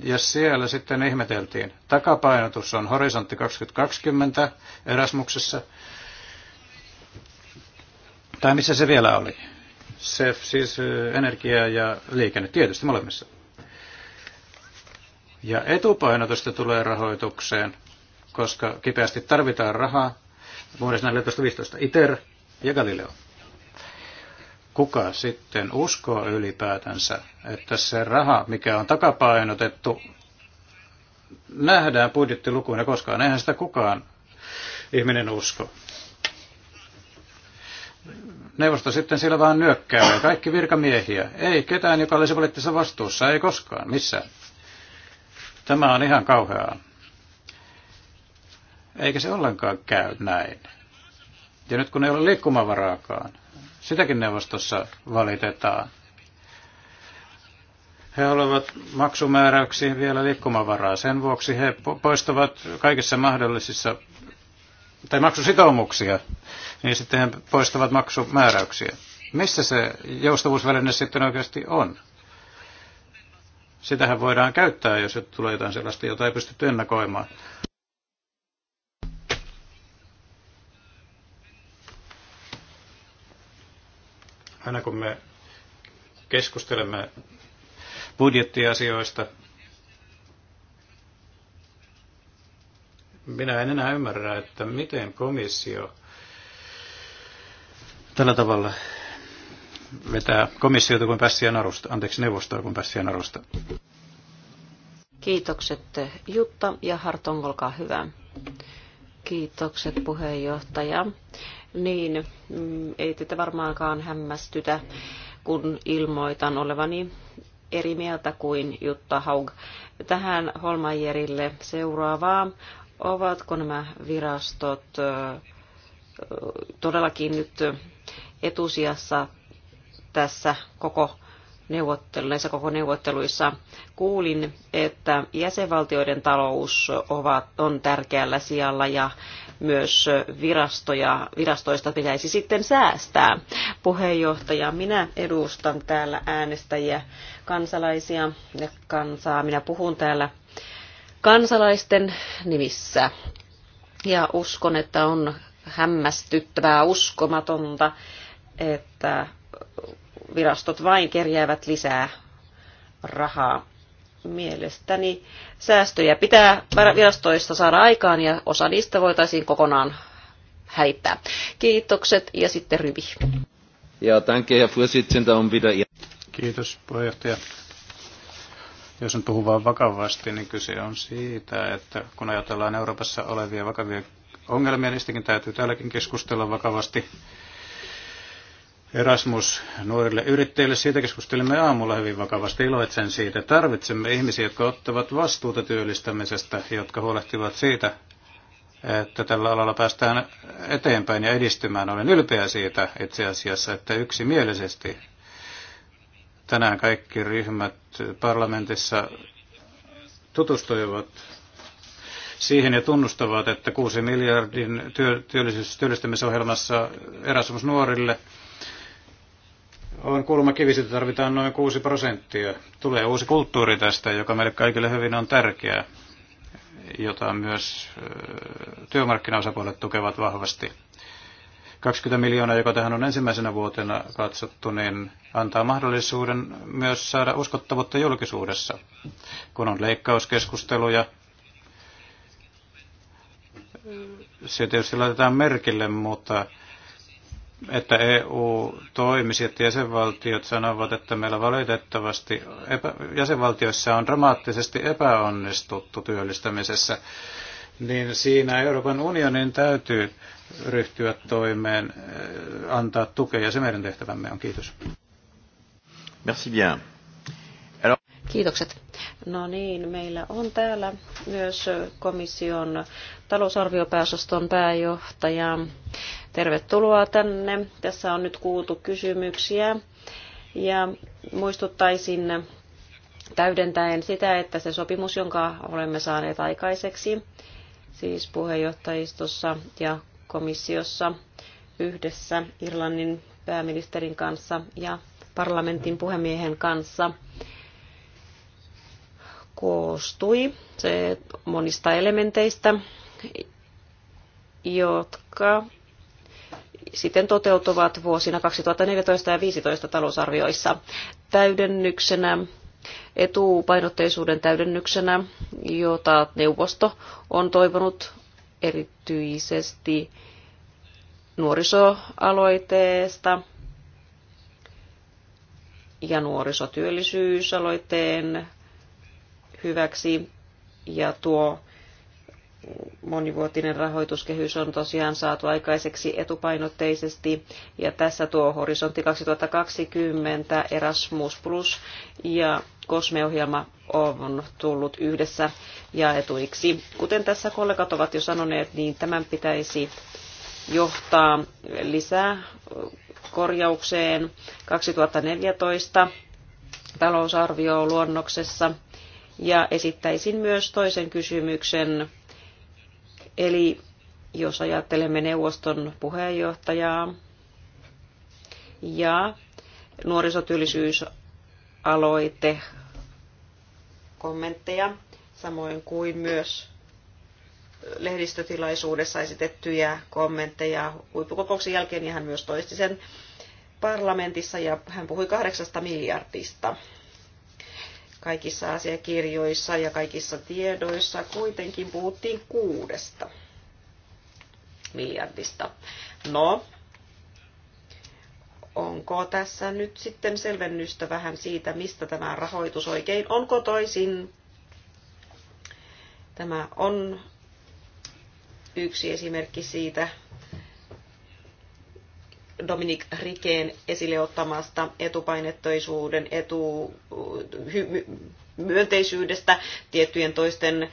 Ja siellä sitten ihmeteltiin. Takapainotus on horisontti 2020 Erasmuksessa. Tai missä se vielä oli? Se siis energia ja liikenne, tietysti molemmissa. Ja etupainotusta tulee rahoitukseen, koska kipeästi tarvitaan rahaa vuodessa 14 ITER ja Galileo kuka sitten uskoo ylipäätänsä, että se raha, mikä on takapainotettu, nähdään budjettilukuina koskaan. Eihän sitä kukaan ihminen usko. Neuvosto sitten sillä vaan nyökkää ja kaikki virkamiehiä. Ei ketään, joka olisi poliittisessa vastuussa, ei koskaan, missään. Tämä on ihan kauheaa. Eikä se ollenkaan käy näin. Ja nyt kun ei ole liikkumavaraakaan, Sitäkin neuvostossa valitetaan. He haluavat maksumääräyksiin vielä liikkumavaraa. Sen vuoksi he poistavat kaikissa mahdollisissa, tai maksusitoumuksia, niin sitten he poistavat maksumääräyksiä. Missä se joustavuusväline sitten oikeasti on? Sitähän voidaan käyttää, jos tulee jotain sellaista, jota ei pystytty ennakoimaan. Aina kun me keskustelemme budjettiasioista, minä en enää ymmärrä, että miten komissio tällä tavalla vetää komissiota kuin pässiä narusta, anteeksi neuvostoa kuin pässiä narusta. Kiitokset Jutta ja Hartong, olkaa hyvä. Kiitokset puheenjohtaja. Niin, mm, ei tätä varmaankaan hämmästytä, kun ilmoitan olevani eri mieltä kuin Jutta Haug. Tähän Holmajerille seuraavaa. Ovatko nämä virastot todellakin nyt etusijassa tässä koko neuvotteluissa, koko neuvotteluissa kuulin, että jäsenvaltioiden talous ovat, on tärkeällä sijalla ja myös virastoja, virastoista pitäisi sitten säästää. Puheenjohtaja, minä edustan täällä äänestäjiä, kansalaisia ja kansaa. Minä puhun täällä kansalaisten nimissä. Ja uskon, että on hämmästyttävää, uskomatonta, että virastot vain kerjäävät lisää rahaa. Mielestäni säästöjä pitää virastoista saada aikaan ja osa niistä voitaisiin kokonaan häittää. Kiitokset ja sitten Ryvi. Ja danke, ja Vorsitzender, on um pidä. Kiitos, puheenjohtaja. Jos on puhuva vakavasti, niin kyse on siitä, että kun ajatellaan Euroopassa olevia vakavia ongelmia, niistäkin täytyy täälläkin keskustella vakavasti. Erasmus nuorille yrittäjille. Siitä keskustelimme aamulla hyvin vakavasti. Iloitsen siitä. Tarvitsemme ihmisiä, jotka ottavat vastuuta työllistämisestä, jotka huolehtivat siitä, että tällä alalla päästään eteenpäin ja edistymään. Olen ylpeä siitä itse asiassa, että yksimielisesti tänään kaikki ryhmät parlamentissa tutustuivat siihen ja tunnustavat, että 6 miljardin työllisyys- työllistämisohjelmassa Erasmus nuorille – on kulmakivi, sitä tarvitaan noin 6 prosenttia. Tulee uusi kulttuuri tästä, joka meille kaikille hyvin on tärkeää, jota myös työmarkkinaosapuolet tukevat vahvasti. 20 miljoonaa, joka tähän on ensimmäisenä vuotena katsottu, niin antaa mahdollisuuden myös saada uskottavuutta julkisuudessa, kun on leikkauskeskusteluja. Se tietysti laitetaan merkille, mutta että EU toimisi, että jäsenvaltiot sanovat, että meillä valitettavasti epä, jäsenvaltioissa on dramaattisesti epäonnistuttu työllistämisessä, niin siinä Euroopan unionin täytyy ryhtyä toimeen, eh, antaa tukea, ja se meidän tehtävämme on. Kiitos. Merci bien. Kiitokset. No niin, meillä on täällä myös komission talousarviopääosaston pääjohtaja Tervetuloa tänne. Tässä on nyt kuultu kysymyksiä ja muistuttaisin täydentäen sitä, että se sopimus, jonka olemme saaneet aikaiseksi, siis puheenjohtajistossa ja komissiossa yhdessä Irlannin pääministerin kanssa ja parlamentin puhemiehen kanssa, koostui se monista elementeistä, jotka siten toteutuvat vuosina 2014 ja 2015 talousarvioissa täydennyksenä etupainotteisuuden täydennyksenä, jota neuvosto on toivonut erityisesti nuorisoaloiteesta ja nuorisotyöllisyysaloitteen hyväksi. Ja tuo monivuotinen rahoituskehys on tosiaan saatu aikaiseksi etupainotteisesti ja tässä tuo horisontti 2020 Erasmus Plus ja COSME-ohjelma on tullut yhdessä jaetuiksi. Kuten tässä kollegat ovat jo sanoneet, niin tämän pitäisi johtaa lisää korjaukseen 2014 talousarvioluonnoksessa ja esittäisin myös toisen kysymyksen Eli jos ajattelemme neuvoston puheenjohtajaa ja nuorisotyöllisyysaloite kommentteja, samoin kuin myös lehdistötilaisuudessa esitettyjä kommentteja huippukokouksen jälkeen, ja niin hän myös toisti sen parlamentissa, ja hän puhui kahdeksasta miljardista kaikissa asiakirjoissa ja kaikissa tiedoissa kuitenkin puhuttiin kuudesta miljardista. No, onko tässä nyt sitten selvennystä vähän siitä, mistä tämä rahoitus oikein on kotoisin? Tämä on yksi esimerkki siitä, Dominik Rikeen esille ottamasta etupainettoisuuden etu, hy, myönteisyydestä, tiettyjen, toisten,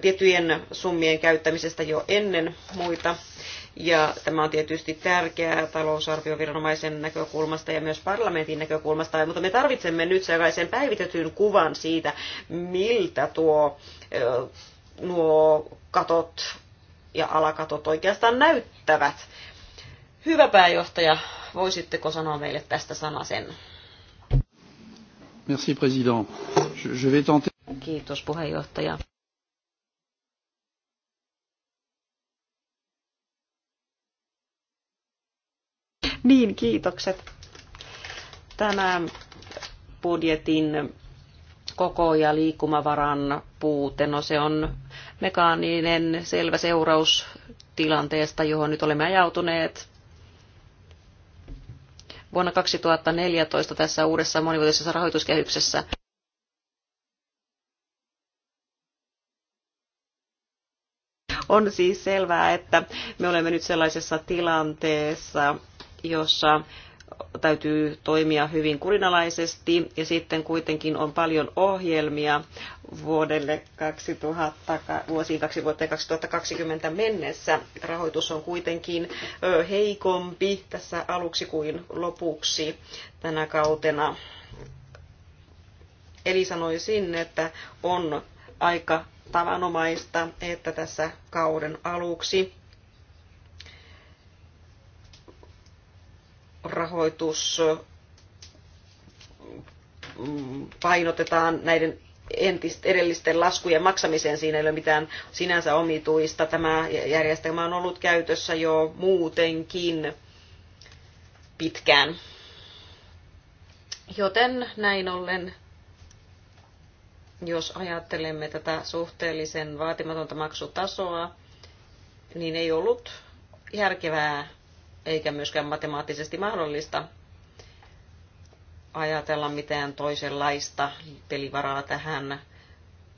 tiettyjen summien käyttämisestä jo ennen muita. Ja tämä on tietysti tärkeää talousarvioviranomaisen näkökulmasta ja myös parlamentin näkökulmasta, mutta me tarvitsemme nyt sellaisen päivitetyn kuvan siitä, miltä tuo, nuo katot ja alakatot oikeastaan näyttävät Hyvä pääjohtaja, voisitteko sanoa meille tästä sanasen? Merci, président. Je, vais tenter... Kiitos, puheenjohtaja. Niin, kiitokset. Tämä budjetin koko ja liikkumavaran puute, no se on mekaaninen selvä seuraus tilanteesta, johon nyt olemme ajautuneet vuonna 2014 tässä uudessa monivuotisessa rahoituskehyksessä. On siis selvää, että me olemme nyt sellaisessa tilanteessa, jossa täytyy toimia hyvin kurinalaisesti ja sitten kuitenkin on paljon ohjelmia vuodelle 2000, vuosiin 2020 mennessä. Rahoitus on kuitenkin heikompi tässä aluksi kuin lopuksi tänä kautena. Eli sanoisin, että on aika tavanomaista, että tässä kauden aluksi rahoitus mm, painotetaan näiden entist, edellisten laskujen maksamiseen. Siinä ei ole mitään sinänsä omituista. Tämä järjestelmä on ollut käytössä jo muutenkin pitkään. Joten näin ollen, jos ajattelemme tätä suhteellisen vaatimatonta maksutasoa, niin ei ollut järkevää eikä myöskään matemaattisesti mahdollista ajatella mitään toisenlaista pelivaraa tähän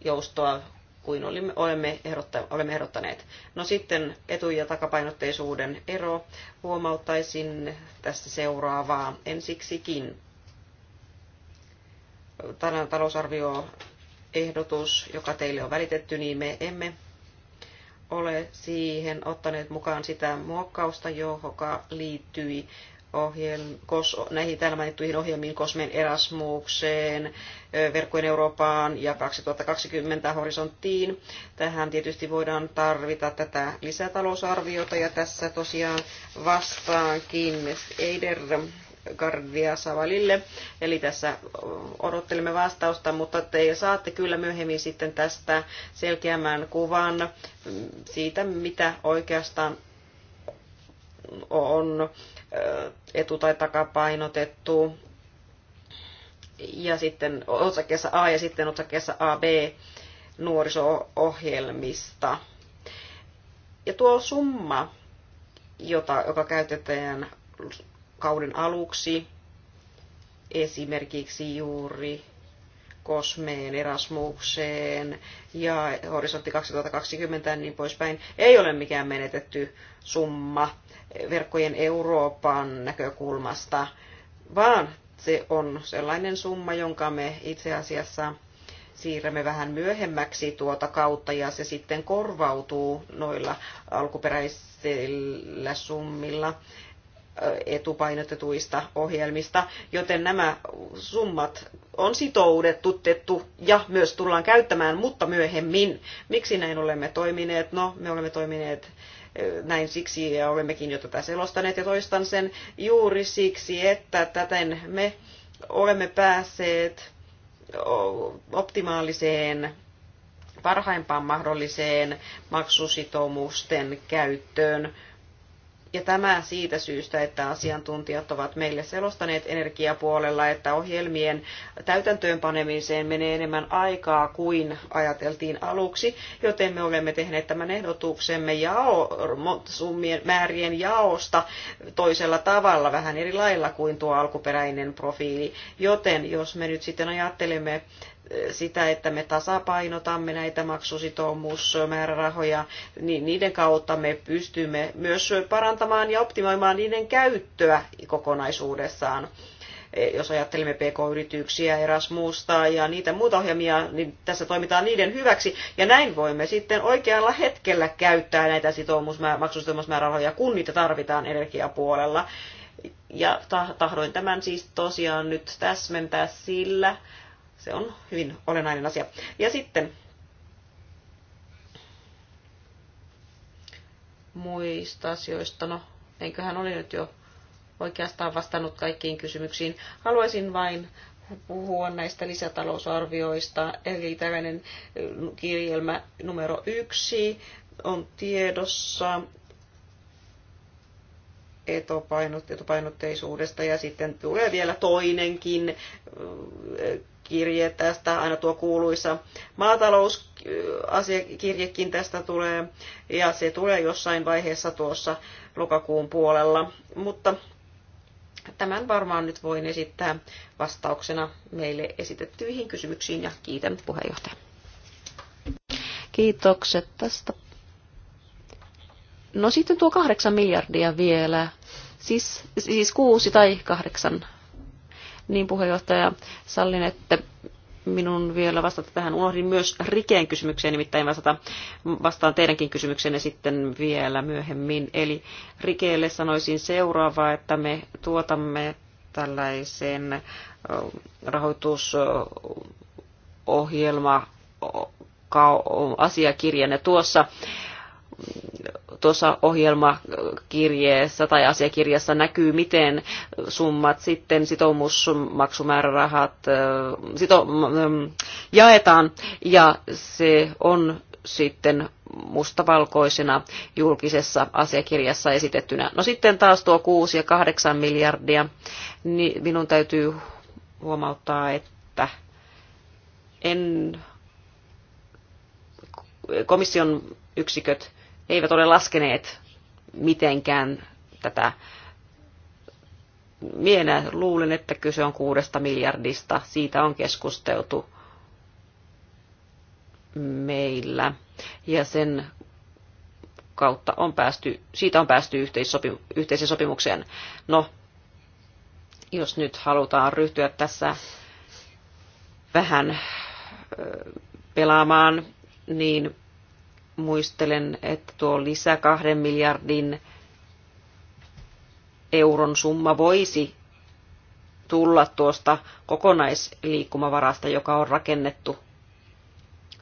joustoa kuin olimme, olemme, ehdotta, olemme ehdottaneet. No sitten etu- ja takapainotteisuuden ero. Huomauttaisin tässä seuraavaa ensiksikin. Talousarvioehdotus, joka teille on välitetty, niin me emme ole siihen ottaneet mukaan sitä muokkausta, joka liittyi ohjelm, kos, näihin täällä mainittuihin ohjelmiin, Kosmen Erasmukseen, Verkkojen Eurooppaan ja 2020 horisonttiin. Tähän tietysti voidaan tarvita tätä lisätalousarviota ja tässä tosiaan vastaankin Eider Gardia Savalille. Eli tässä odottelemme vastausta, mutta te saatte kyllä myöhemmin sitten tästä selkeämmän kuvan siitä, mitä oikeastaan on etu- tai takapainotettu. Ja sitten otsakkeessa A ja sitten otsakkeessa AB nuoriso-ohjelmista. Ja tuo summa, jota, joka käytetään kauden aluksi esimerkiksi juuri Kosmeen, Erasmukseen ja Horisontti 2020 ja niin poispäin, ei ole mikään menetetty summa verkkojen Euroopan näkökulmasta, vaan se on sellainen summa, jonka me itse asiassa siirrämme vähän myöhemmäksi tuota kautta ja se sitten korvautuu noilla alkuperäisillä summilla etupainotetuista ohjelmista, joten nämä summat on sitoutettu ja myös tullaan käyttämään, mutta myöhemmin. Miksi näin olemme toimineet? No, me olemme toimineet näin siksi ja olemmekin jo tätä selostaneet ja toistan sen juuri siksi, että täten me olemme päässeet optimaaliseen parhaimpaan mahdolliseen maksusitoumusten käyttöön ja tämä siitä syystä, että asiantuntijat ovat meille selostaneet energiapuolella, että ohjelmien täytäntöönpanemiseen menee enemmän aikaa kuin ajateltiin aluksi, joten me olemme tehneet tämän ehdotuksemme jao, summien määrien jaosta toisella tavalla, vähän eri lailla kuin tuo alkuperäinen profiili. Joten jos me nyt sitten ajattelemme sitä, että me tasapainotamme näitä maksusitoumusmäärärahoja, niin niiden kautta me pystymme myös parantamaan ja optimoimaan niiden käyttöä kokonaisuudessaan jos ajattelemme PK-yrityksiä, Erasmusta ja niitä muita ohjelmia, niin tässä toimitaan niiden hyväksi. Ja näin voimme sitten oikealla hetkellä käyttää näitä maksusitoumusmäärärahoja, kun niitä tarvitaan energiapuolella. Ja tahdoin tämän siis tosiaan nyt täsmentää sillä, se on hyvin olennainen asia. Ja sitten muista asioista, no enköhän oli nyt jo oikeastaan vastannut kaikkiin kysymyksiin. Haluaisin vain puhua näistä lisätalousarvioista, eli tällainen eh, kirjelmä numero yksi on tiedossa etopainotteisuudesta ja sitten tulee vielä toinenkin eh, kirje tästä, aina tuo kuuluisa maatalousasiakirjekin tästä tulee, ja se tulee jossain vaiheessa tuossa lokakuun puolella. Mutta tämän varmaan nyt voin esittää vastauksena meille esitettyihin kysymyksiin, ja kiitän puheenjohtaja. Kiitokset tästä. No sitten tuo kahdeksan miljardia vielä, siis, siis kuusi tai kahdeksan niin puheenjohtaja, sallin, että minun vielä vastata tähän. Unohdin myös Rikeen kysymykseen, nimittäin vastata, vastaan teidänkin kysymykseenne sitten vielä myöhemmin. Eli Rikeelle sanoisin seuraavaa, että me tuotamme tällaisen rahoitusohjelma asiakirjan ja tuossa tuossa ohjelmakirjeessä tai asiakirjassa näkyy, miten summat sitten sitoumusmaksumäärärahat sito, jaetaan ja se on sitten mustavalkoisena julkisessa asiakirjassa esitettynä. No sitten taas tuo 6 ja 8 miljardia, niin minun täytyy huomauttaa, että en komission yksiköt eivät ole laskeneet mitenkään tätä. Minä luulen, että kyse on kuudesta miljardista. Siitä on keskusteltu meillä. Ja sen kautta on päästy, siitä on päästy yhteissopimu- yhteiseen sopimukseen. No, jos nyt halutaan ryhtyä tässä vähän pelaamaan, niin muistelen, että tuo lisä kahden miljardin euron summa voisi tulla tuosta kokonaisliikkumavarasta, joka on rakennettu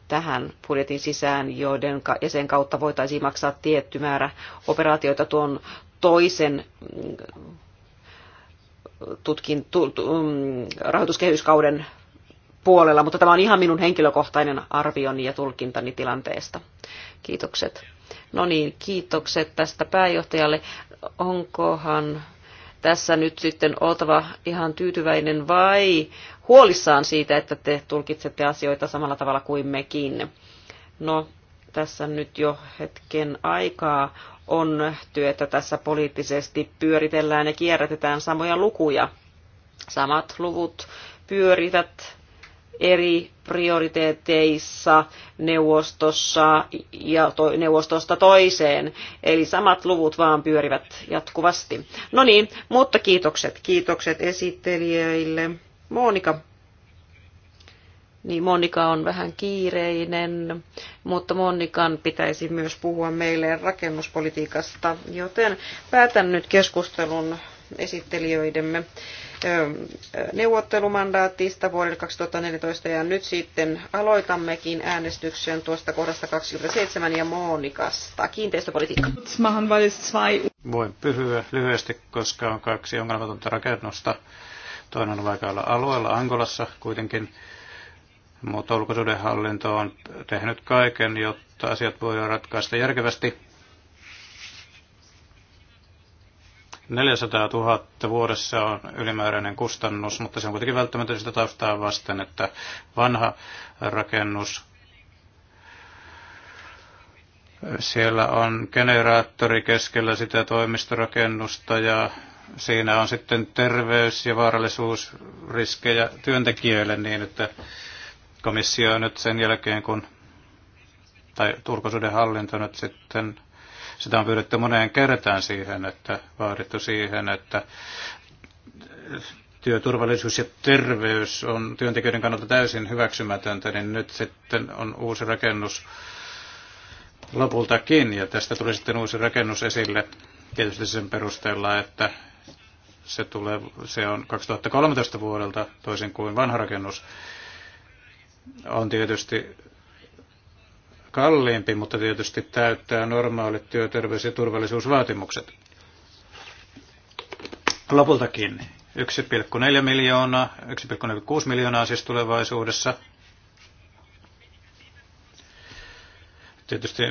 tähän budjetin sisään, joiden ja sen kautta voitaisiin maksaa tietty määrä operaatioita tuon toisen mm, tutkin, tu, tu, mm, rahoituskehyskauden puolella, mutta tämä on ihan minun henkilökohtainen arvioni ja tulkintani tilanteesta. Kiitokset. No niin, kiitokset tästä pääjohtajalle. Onkohan tässä nyt sitten oltava ihan tyytyväinen vai huolissaan siitä, että te tulkitsette asioita samalla tavalla kuin mekin? No, tässä nyt jo hetken aikaa on työtä että tässä poliittisesti pyöritellään ja kierrätetään samoja lukuja. Samat luvut pyörivät eri prioriteetteissa neuvostossa ja to, neuvostosta toiseen. Eli samat luvut vaan pyörivät jatkuvasti. No niin, mutta kiitokset. Kiitokset esittelijöille. Monika. Niin Monika on vähän kiireinen, mutta Monikan pitäisi myös puhua meille rakennuspolitiikasta, joten päätän nyt keskustelun esittelijöidemme neuvottelumandaatista vuodelle 2014 ja nyt sitten aloitammekin äänestyksen tuosta kohdasta 27 ja Monikasta. Kiinteistöpolitiikka. Voin pysyä lyhyesti, koska on kaksi ongelmatonta rakennusta. Toinen on vaikealla alueella Angolassa kuitenkin, mutta ulkosuudenhallinto on tehnyt kaiken, jotta asiat voidaan ratkaista järkevästi 400 000 vuodessa on ylimääräinen kustannus, mutta se on kuitenkin välttämätön sitä taustaa vasten, että vanha rakennus, siellä on generaattori keskellä sitä toimistorakennusta ja siinä on sitten terveys- ja vaarallisuusriskejä työntekijöille niin, että komissio nyt sen jälkeen, kun tai turkosuuden hallinto nyt sitten sitä on pyydetty moneen kertaan siihen, että vaadittu siihen, että työturvallisuus ja terveys on työntekijöiden kannalta täysin hyväksymätöntä, niin nyt sitten on uusi rakennus lopultakin, ja tästä tuli sitten uusi rakennus esille tietysti sen perusteella, että se, tulee, se on 2013 vuodelta toisin kuin vanha rakennus, on tietysti kalliimpi, mutta tietysti täyttää normaalit työterveys- ja turvallisuusvaatimukset. Lopultakin 1,4 miljoonaa, 1,46 miljoonaa siis tulevaisuudessa. Tietysti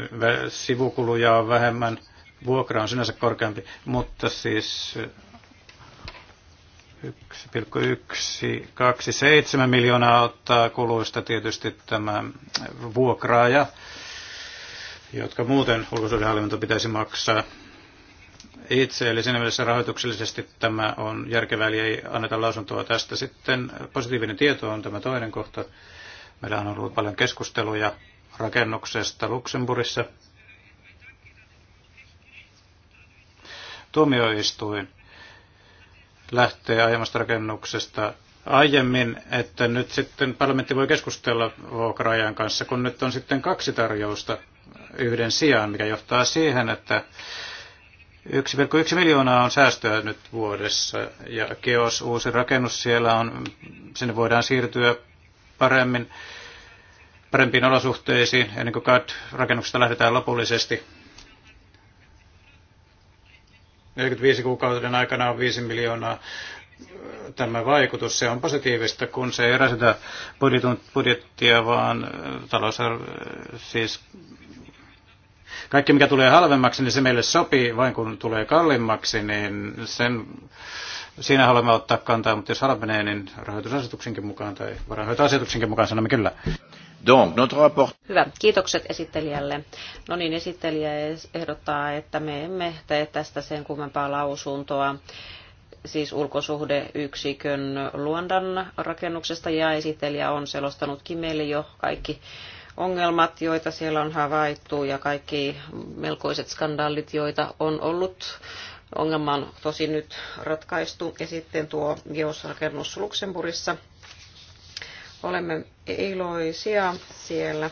sivukuluja on vähemmän, vuokra on sinänsä korkeampi, mutta siis 1,127 miljoonaa ottaa kuluista tietysti tämä vuokraaja, jotka muuten ulkosuudenhallinto pitäisi maksaa itse, eli siinä mielessä rahoituksellisesti tämä on järkevää, eli ei anneta lausuntoa tästä. Sitten positiivinen tieto on tämä toinen kohta. Meillä on ollut paljon keskusteluja rakennuksesta Luxemburissa. Tuomioistuin lähtee aiemmasta rakennuksesta aiemmin, että nyt sitten parlamentti voi keskustella vuokraajan kanssa, kun nyt on sitten kaksi tarjousta yhden sijaan, mikä johtaa siihen, että 1,1 miljoonaa on säästöä nyt vuodessa ja Keos, uusi rakennus siellä on, sinne voidaan siirtyä paremmin, parempiin olosuhteisiin ennen kuin rakennuksesta lähdetään lopullisesti 45 kuukauden aikana on 5 miljoonaa tämä vaikutus. Se on positiivista, kun se ei räsytä budjettia, vaan äh, talous, äh, siis kaikki mikä tulee halvemmaksi, niin se meille sopii, vain kun tulee kalliimmaksi, niin sen, siinä haluamme ottaa kantaa, mutta jos halvenee, niin rahoitusasetuksenkin mukaan tai varainhoitoasetuksenkin mukaan sanomme kyllä. Donc, notre rapport... Hyvä, kiitokset esittelijälle. No niin, esittelijä ehdottaa, että me emme tee tästä sen kummempaa lausuntoa siis ulkosuhdeyksikön Luondan rakennuksesta ja esittelijä on selostanutkin meille jo kaikki ongelmat, joita siellä on havaittu ja kaikki melkoiset skandaalit, joita on ollut. Ongelma on tosi nyt ratkaistu. Ja sitten tuo geosrakennus Luxemburgissa Olemme iloisia siellä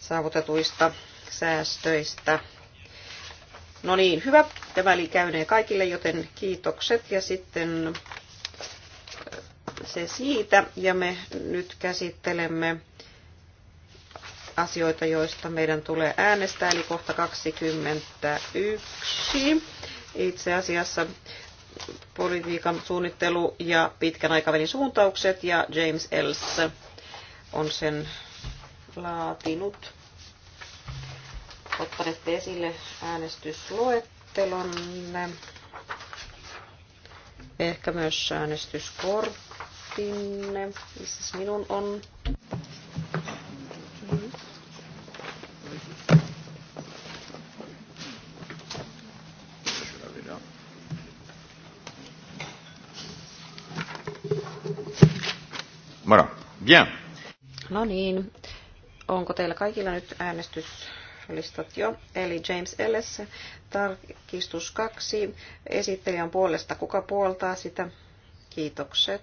saavutetuista säästöistä. No niin, hyvä. Tämä oli käyneen kaikille, joten kiitokset ja sitten äh, se siitä. Ja me nyt käsittelemme asioita, joista meidän tulee äänestää, eli kohta 21. Itse asiassa politiikan suunnittelu ja pitkän aikavälin suuntaukset ja James Els on sen laatinut. Ottanette esille äänestysluettelonne, ehkä myös äänestyskorttinne, missä minun on. Voilà. Bien. No niin, onko teillä kaikilla nyt äänestyslistat jo? Eli James Ellis, tarkistus kaksi. esittelijän puolesta, kuka puoltaa sitä? Kiitokset.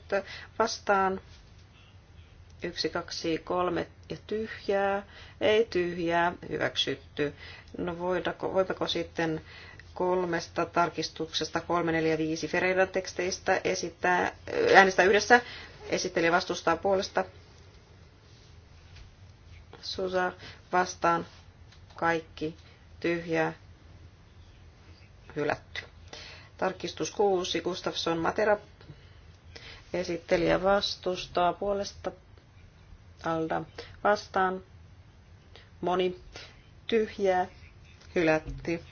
Vastaan yksi, kaksi, kolme ja tyhjää, ei tyhjää, hyväksytty. No voidako, voipako sitten kolmesta tarkistuksesta, kolme, neljä, viisi ferreira teksteistä esittää, äänestää yhdessä, esittelijä vastustaa puolesta, Susa vastaan kaikki tyhjää hylätty. Tarkistus 6. Gustafsson Matera esittelijä vastustaa puolesta Alda vastaan. Moni tyhjää hylätty.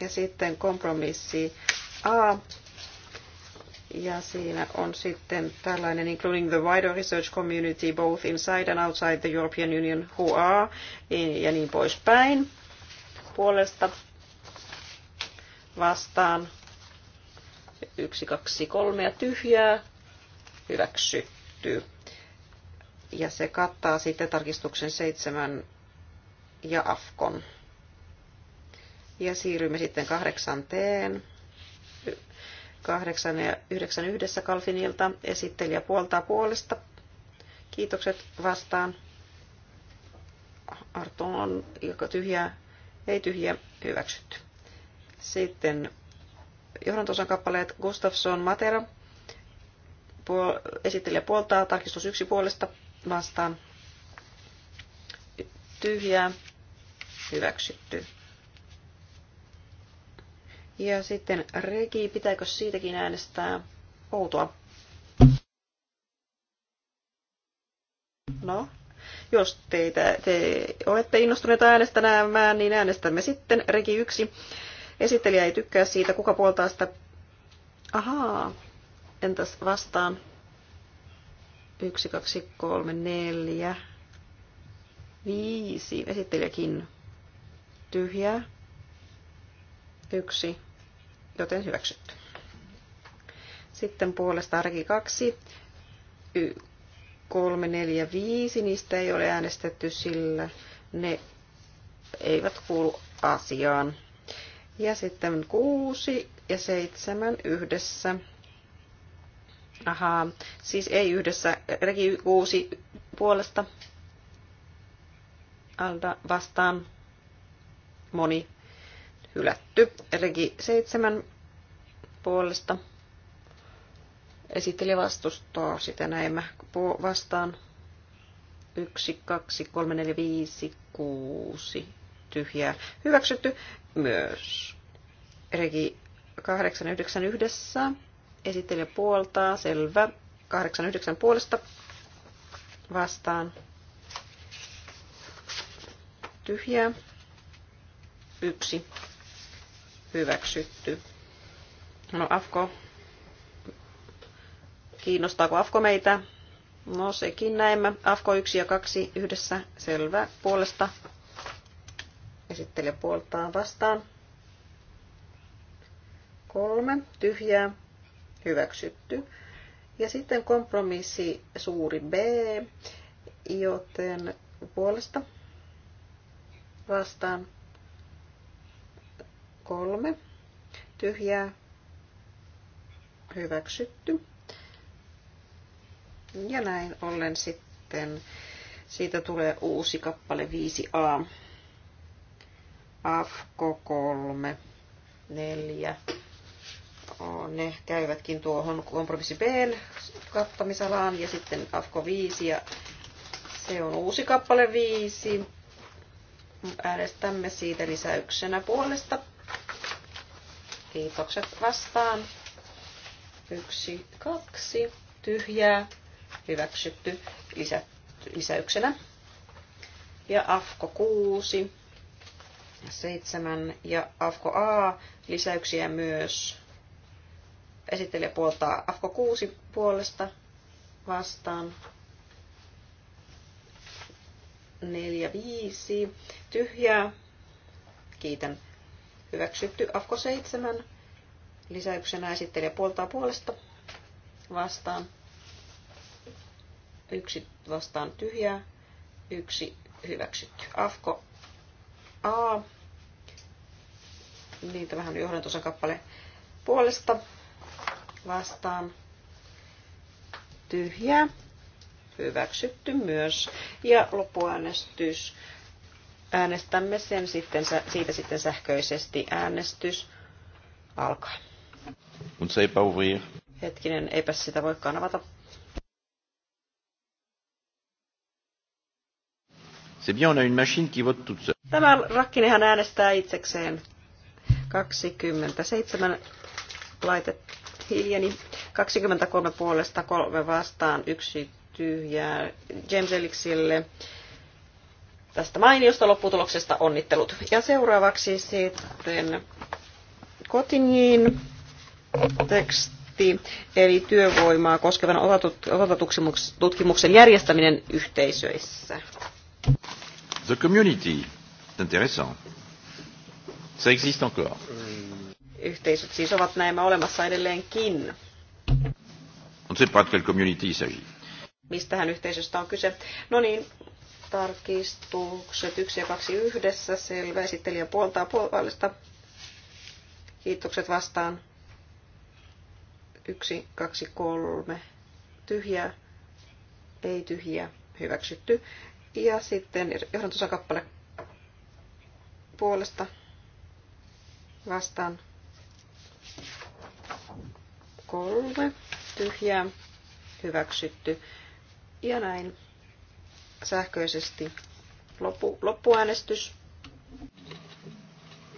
Ja sitten kompromissi A ja siinä on sitten tällainen including the wider research community both inside and outside the European Union who are ja niin poispäin puolesta vastaan. Yksi, kaksi, kolme ja tyhjää. Hyväksytty. Ja se kattaa sitten tarkistuksen seitsemän ja afkon. Ja siirrymme sitten kahdeksanteen 8 ja 9 yhdessä Kalfinilta. Esittelijä puoltaa puolesta. Kiitokset vastaan. Arto on joka tyhjää, ei tyhjä hyväksytty. Sitten johdantosan kappaleet Gustafsson Matera. Puol- esittelijä puoltaa, tarkistus yksi puolesta vastaan. Tyhjää, hyväksytty. Ja sitten Regi, pitääkö siitäkin äänestää outoa? No, jos teitä, te olette innostuneita äänestämään, niin äänestämme sitten Regi 1. Esittelijä ei tykkää siitä, kuka puoltaa sitä. Ahaa, entäs vastaan? 1, 2, 3, 4, 5. Esittelijäkin tyhjää. Yksi joten hyväksytty. Sitten puolesta arki 2, y 3, 4, 5, niistä ei ole äänestetty, sillä ne eivät kuulu asiaan. Ja sitten 6 ja 7 yhdessä. Ahaa, siis ei yhdessä, Reki 6 puolesta. Alda vastaan. Moni hylätty. Regi 7 puolesta esitteli vastustaa sitä näemmä vastaan. 1, 2, 3, 4, 5, 6 tyhjää hyväksytty myös. Regi 8, 9 yhdessä esitteli puoltaa, selvä. 8, 9 puolesta vastaan tyhjää. Yksi hyväksytty. No Afko, kiinnostaako Afko meitä? No sekin näemme. Afko 1 ja 2 yhdessä selvä puolesta. Esittelijä puoltaan vastaan. Kolme tyhjää hyväksytty. Ja sitten kompromissi suuri B, joten puolesta vastaan kolme tyhjää hyväksytty. Ja näin ollen sitten siitä tulee uusi kappale 5a. Afko 3, 4. Ne käyvätkin tuohon kompromissi B kattamisalaan ja sitten Afko 5 ja se on uusi kappale 5. Äänestämme siitä lisäyksenä puolesta Kiitokset vastaan. Yksi, kaksi, tyhjää, hyväksytty lisä, lisäyksenä. Ja AFKO 6, 7 ja AFKO A lisäyksiä myös. Esittelijä puoltaa AFKO 6 puolesta vastaan. 4, 5, tyhjää. Kiitän Hyväksytty AFKO 7. Lisäyksenä esittelijä puoltaa puolesta vastaan. Yksi vastaan tyhjää. Yksi hyväksytty. AFKO A. Niin, tämähän on johdantosan kappale puolesta vastaan tyhjää hyväksytty myös. Ja loppuäänestys Äänestämme sen sitten, siitä sitten sähköisesti. Äänestys alkaa. Kun se Hetkinen, eipä sitä voikaan avata. C'est bien, on a une machine qui vote toute seule. Tämä rakkinehan äänestää itsekseen. 27 laitet hiljeni. 23 puolesta, kolme vastaan, yksi tyhjää James Elixille tästä mainiosta lopputuloksesta onnittelut. Ja seuraavaksi sitten Kotingin teksti, eli työvoimaa koskevan otatutkimuksen järjestäminen yhteisöissä. The community. Intéressant. Ça existe encore. Yhteisöt siis ovat näemmä olemassa edelleenkin. On se pas de quelle community il s'agit. Mistähän yhteisöstä on kyse? No niin, tarkistukset 1 ja 2 yhdessä. Selvä. Esittelijä puoltaa puolesta. Kiitokset vastaan. 1, 2, 3. Tyhjää. Ei tyhjää. Hyväksytty. Ja sitten johdantosakappale puolesta vastaan kolme tyhjää hyväksytty. Ja näin sähköisesti loppu, loppuäänestys.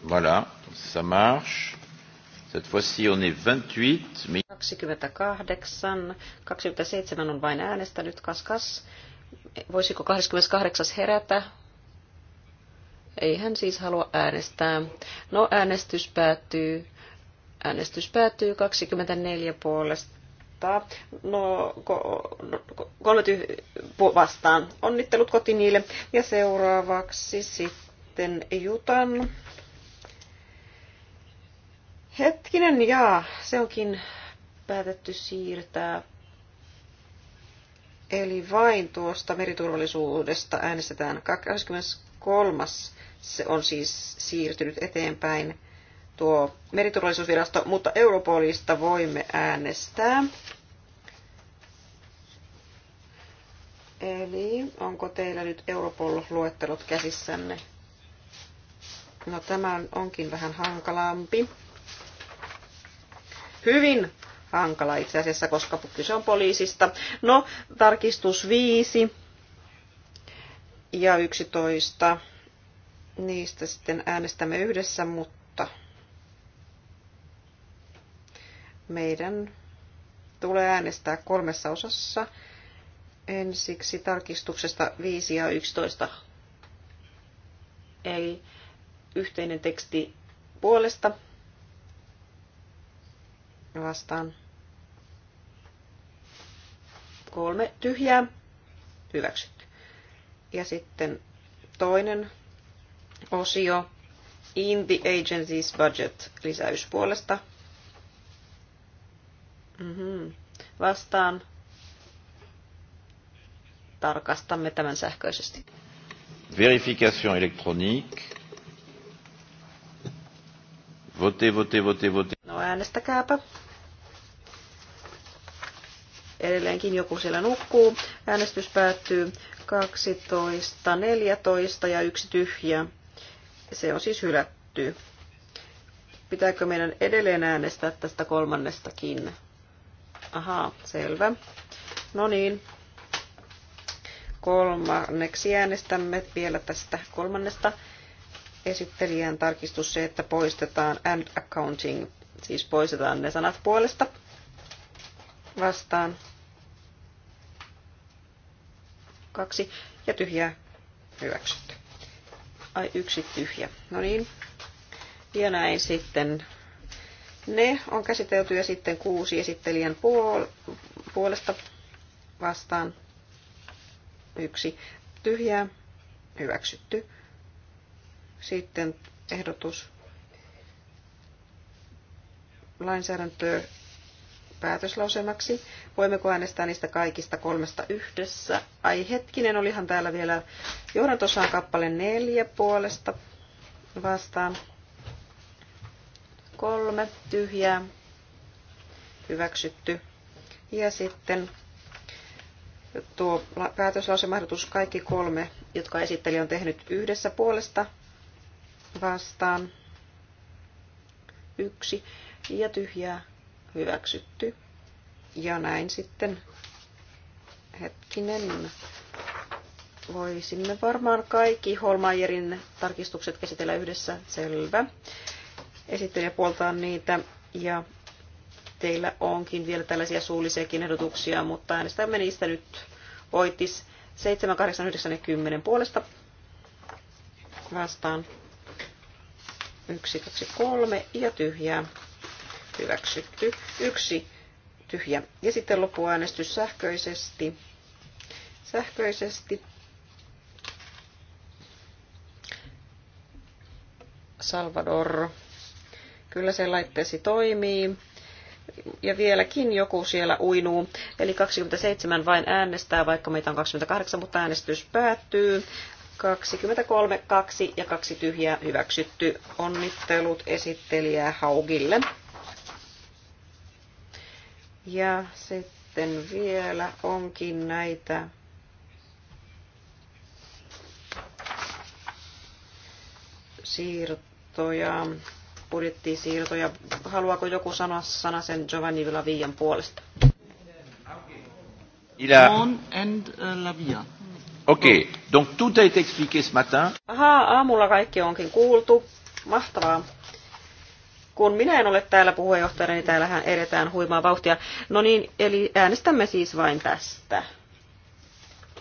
Voilà, ça marche. Cette fois-ci, on est 28. Mais... 28, 27 on vain äänestänyt, kas kas. Voisiko 28. herätä? Ei hän siis halua äänestää. No, äänestys päättyy. Äänestys päättyy 24 puolesta ottaa no, ko, no, ko, ko, vastaan. Onnittelut koti niille. Ja seuraavaksi sitten Jutan. Hetkinen, jaa, se onkin päätetty siirtää. Eli vain tuosta meriturvallisuudesta äänestetään 23. Se on siis siirtynyt eteenpäin tuo meriturvallisuusvirasto, mutta Europolista voimme äänestää. Eli onko teillä nyt Europol-luettelot käsissänne? No tämä onkin vähän hankalampi. Hyvin hankala itse asiassa, koska kyse on poliisista. No, tarkistus 5 ja 11. Niistä sitten äänestämme yhdessä, mutta meidän tulee äänestää kolmessa osassa. Ensiksi tarkistuksesta 5 ja 11. Eli yhteinen teksti puolesta vastaan kolme tyhjää hyväksytty. Ja sitten toinen osio, in the agency's budget lisäys puolesta Mm-hmm. Vastaan. Tarkastamme tämän sähköisesti. Verification électronique. Vote, vote, vote, vote. No äänestäkääpä. Edelleenkin joku siellä nukkuu. Äänestys päättyy 12, 14 ja yksi tyhjä. Se on siis hylätty. Pitääkö meidän edelleen äänestää tästä kolmannestakin? Ahaa, selvä. No niin. Kolmanneksi äänestämme vielä tästä kolmannesta esittelijän tarkistus se, että poistetaan and accounting, siis poistetaan ne sanat puolesta vastaan. Kaksi ja tyhjää hyväksytty. Ai yksi tyhjä. No niin. Ja näin sitten ne on käsitelty ja sitten kuusi esittelijän puol- puolesta vastaan yksi tyhjää hyväksytty. Sitten ehdotus lainsäädäntöä päätöslausemaksi. Voimmeko äänestää niistä kaikista kolmesta yhdessä? Ai hetkinen, olihan täällä vielä johdantosaan kappale neljä puolesta vastaan kolme tyhjää hyväksytty. Ja sitten tuo päätöslausemahdotus kaikki kolme, jotka esitteli on tehnyt yhdessä puolesta vastaan. Yksi ja tyhjää hyväksytty. Ja näin sitten hetkinen. Voisimme varmaan kaikki Holmajerin tarkistukset käsitellä yhdessä. Selvä esittelijä puoltaa niitä ja teillä onkin vielä tällaisia suullisiakin ehdotuksia, mutta äänestämme niistä nyt voitis 7, 8, 9 ja 10 puolesta vastaan 1, 2, 3 ja tyhjää hyväksytty. Yksi tyhjä. Ja sitten loppuäänestys sähköisesti. Sähköisesti. Salvador. Kyllä se laitteesi toimii. Ja vieläkin joku siellä uinuu. Eli 27 vain äänestää, vaikka meitä on 28, mutta äänestys päättyy. 23, 2 ja 2 tyhjää hyväksytty. Onnittelut esittelijää Haugille. Ja sitten vielä onkin näitä siirtoja budjettisiirtoja. Haluaako joku sanoa sana sen Giovanni Lavian puolesta? Il a... and uh, Lavia. Okei, okay. donc tout a été expliqué ce matin. Ahaa, aamulla kaikki onkin kuultu. Mahtavaa. Kun minä en ole täällä puheenjohtajana, niin täällähän edetään huimaa vauhtia. No niin, eli äänestämme siis vain tästä.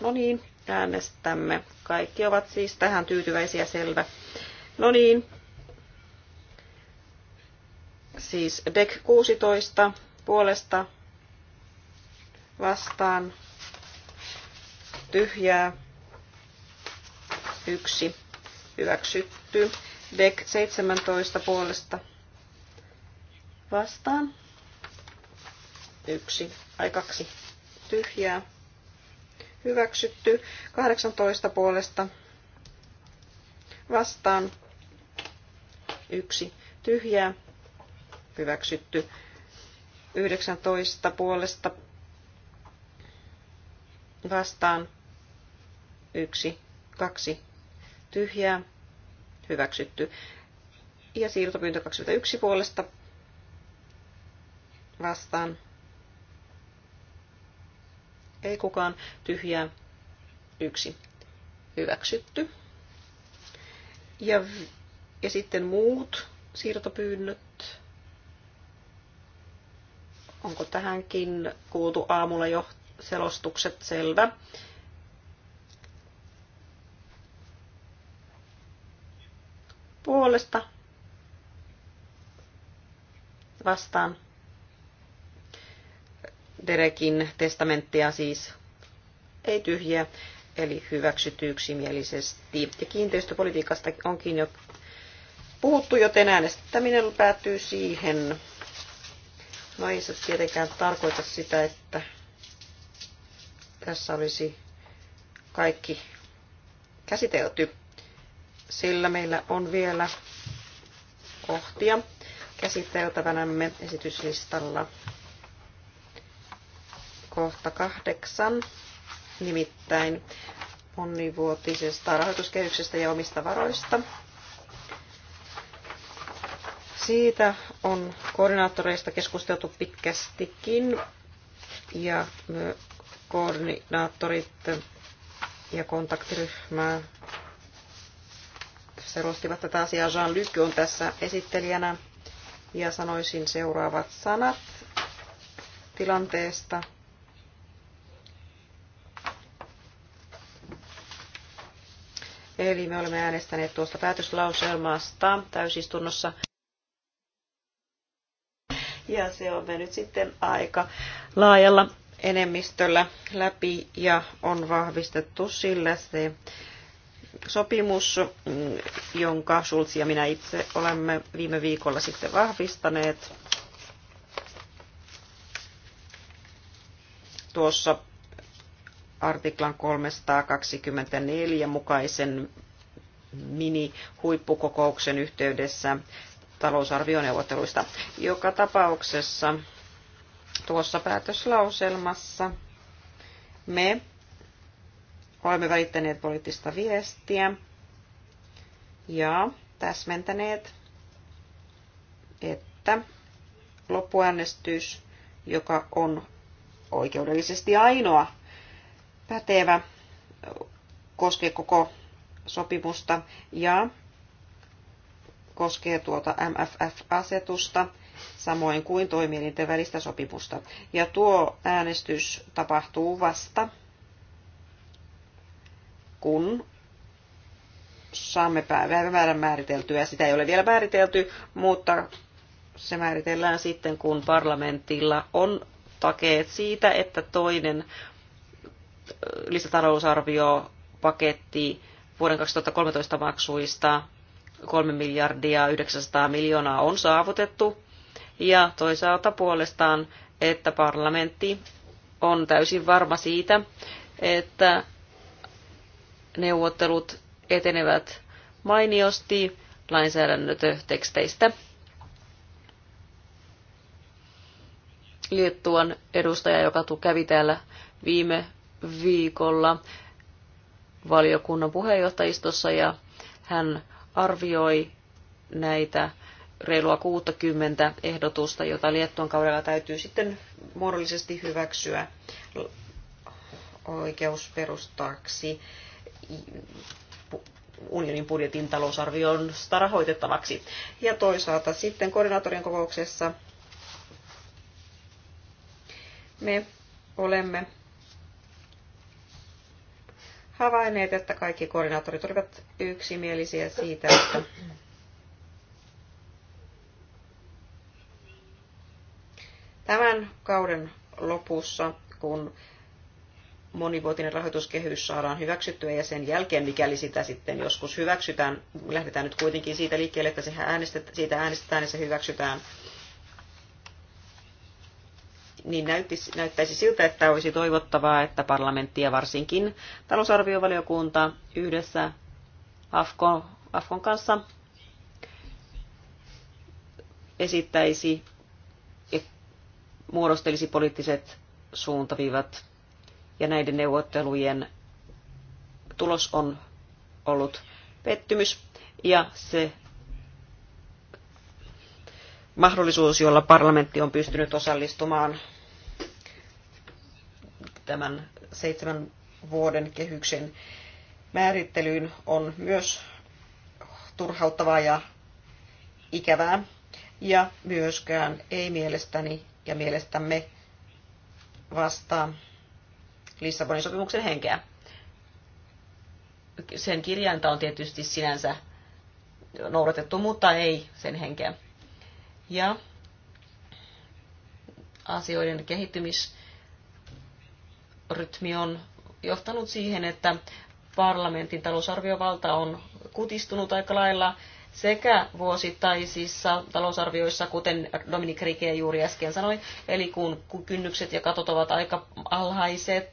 No niin, äänestämme. Kaikki ovat siis tähän tyytyväisiä selvä. No niin, Siis DEC 16 puolesta vastaan tyhjää yksi hyväksytty. DEC 17 puolesta vastaan yksi ai kaksi tyhjää hyväksytty. 18 puolesta vastaan yksi tyhjää hyväksytty 19 puolesta vastaan yksi, kaksi tyhjää, hyväksytty. Ja siirtopyyntö 21 puolesta vastaan. Ei kukaan tyhjää, yksi hyväksytty. Ja, ja sitten muut siirtopyynnöt Onko tähänkin kuultu aamulla jo selostukset selvä? Puolesta vastaan Derekin testamenttia siis ei tyhjiä, eli hyväksytty yksimielisesti. Ja kiinteistöpolitiikasta onkin jo puhuttu, joten äänestäminen päättyy siihen. No ei se tietenkään tarkoita sitä, että tässä olisi kaikki käsitelty, sillä meillä on vielä kohtia käsiteltävänämme esityslistalla. Kohta kahdeksan, nimittäin monivuotisesta rahoituskehyksestä ja omista varoista siitä on koordinaattoreista keskusteltu pitkästikin ja koordinaattorit ja kontaktiryhmää selostivat tätä asiaa. Jean-Luc on tässä esittelijänä ja sanoisin seuraavat sanat tilanteesta. Eli me olemme äänestäneet tuosta päätöslauselmasta täysistunnossa ja se on mennyt sitten aika laajalla enemmistöllä läpi ja on vahvistettu sillä se sopimus, mm, jonka Schulz ja minä itse olemme viime viikolla sitten vahvistaneet tuossa artiklan 324 mukaisen mini-huippukokouksen yhteydessä talousarvioneuvotteluista. Joka tapauksessa tuossa päätöslauselmassa me olemme välittäneet poliittista viestiä ja täsmentäneet, että loppuäänestys, joka on oikeudellisesti ainoa pätevä, koskee koko sopimusta ja koskee tuota MFF-asetusta, samoin kuin toimielinten välistä sopimusta. Ja tuo äänestys tapahtuu vasta, kun saamme päivämäärän määriteltyä. Sitä ei ole vielä määritelty, mutta se määritellään sitten, kun parlamentilla on takeet siitä, että toinen lisätalousarvio paketti vuoden 2013 maksuista 3 miljardia 900 miljoonaa on saavutettu, ja toisaalta puolestaan, että parlamentti on täysin varma siitä, että neuvottelut etenevät mainiosti lainsäädännötöteksteistä. Liettuan edustaja, joka kävi täällä viime viikolla valiokunnan puheenjohtajistossa ja hän arvioi näitä reilua 60 ehdotusta, jota Liettuan kaudella täytyy sitten muodollisesti hyväksyä oikeusperustaksi unionin budjetin talousarviosta rahoitettavaksi. Ja toisaalta sitten koordinaatorin kokouksessa me olemme havainneet, että kaikki koordinaattorit olivat yksimielisiä siitä, että tämän kauden lopussa, kun monivuotinen rahoituskehys saadaan hyväksyttyä ja sen jälkeen, mikäli sitä sitten joskus hyväksytään, lähdetään nyt kuitenkin siitä liikkeelle, että siitä äänestetään ja se hyväksytään niin näyttäisi, näyttäisi siltä, että olisi toivottavaa, että parlamentti ja varsinkin talousarviovaliokunta yhdessä Afko, Afkon kanssa esittäisi ja muodostelisi poliittiset suuntaviivat. Ja näiden neuvottelujen tulos on ollut pettymys ja se mahdollisuus, jolla parlamentti on pystynyt osallistumaan tämän seitsemän vuoden kehyksen määrittelyyn on myös turhauttavaa ja ikävää. Ja myöskään ei mielestäni ja mielestämme vastaa Lissabonin sopimuksen henkeä. Sen kirjainta on tietysti sinänsä noudatettu, mutta ei sen henkeä. Ja asioiden kehittymis- rytmi on johtanut siihen, että parlamentin talousarviovalta on kutistunut aika lailla sekä vuosittaisissa talousarvioissa, kuten Dominik Rike juuri äsken sanoi, eli kun kynnykset ja katot ovat aika alhaiset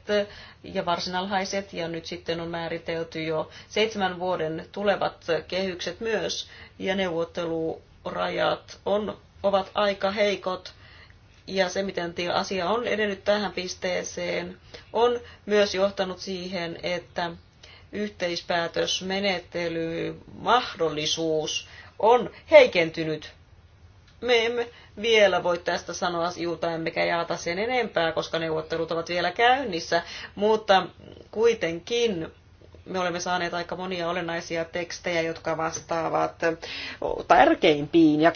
ja varsin alhaiset, ja nyt sitten on määritelty jo seitsemän vuoden tulevat kehykset myös, ja neuvottelurajat on, ovat aika heikot ja se, miten asia on edennyt tähän pisteeseen, on myös johtanut siihen, että yhteispäätösmenettely, mahdollisuus on heikentynyt. Me emme vielä voi tästä sanoa juuta emmekä jaata sen enempää, koska neuvottelut ovat vielä käynnissä, mutta kuitenkin me olemme saaneet aika monia olennaisia tekstejä, jotka vastaavat tärkeimpiin ja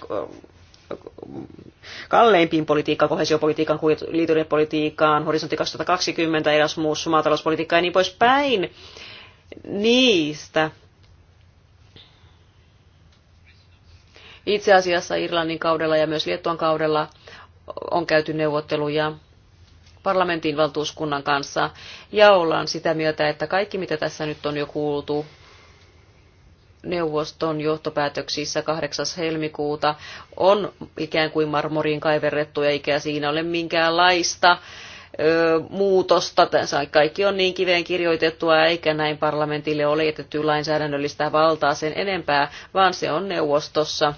kalleimpiin politiikkaan, kohesiopolitiikkaan, liikennepolitiikkaan, horisontti 2020, Erasmus, maatalouspolitiikka ja niin poispäin. Niistä itse asiassa Irlannin kaudella ja myös Liettuan kaudella on käyty neuvotteluja parlamentin valtuuskunnan kanssa ja ollaan sitä mieltä, että kaikki mitä tässä nyt on jo kuultu neuvoston johtopäätöksissä 8. helmikuuta on ikään kuin marmoriin kaiverrettu, eikä siinä ole minkäänlaista ö, muutosta. Kaikki on niin kiveen kirjoitettua, eikä näin parlamentille ole jätetty lainsäädännöllistä valtaa sen enempää, vaan se on neuvostossa.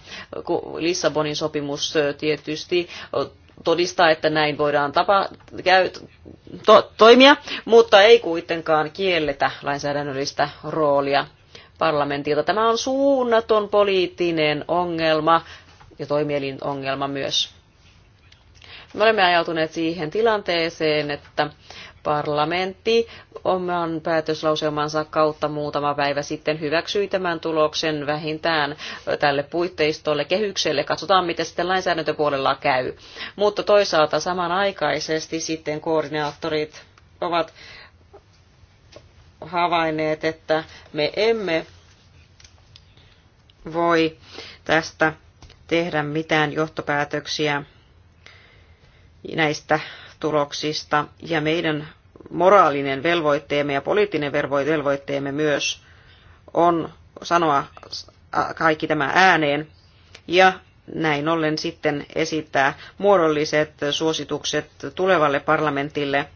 Lissabonin sopimus tietysti todistaa, että näin voidaan tapa, käy, to, toimia, mutta ei kuitenkaan kielletä lainsäädännöllistä roolia parlamentilta. Tämä on suunnaton poliittinen ongelma ja toimielin ongelma myös. Me olemme ajautuneet siihen tilanteeseen, että parlamentti oman päätöslauselmansa kautta muutama päivä sitten hyväksyi tämän tuloksen vähintään tälle puitteistolle, kehykselle. Katsotaan, miten sitten lainsäädäntöpuolella käy. Mutta toisaalta samanaikaisesti sitten koordinaattorit ovat havainneet, että me emme voi tästä tehdä mitään johtopäätöksiä näistä tuloksista ja meidän moraalinen velvoitteemme ja poliittinen velvoitteemme myös on sanoa kaikki tämä ääneen ja näin ollen sitten esittää muodolliset suositukset tulevalle parlamentille –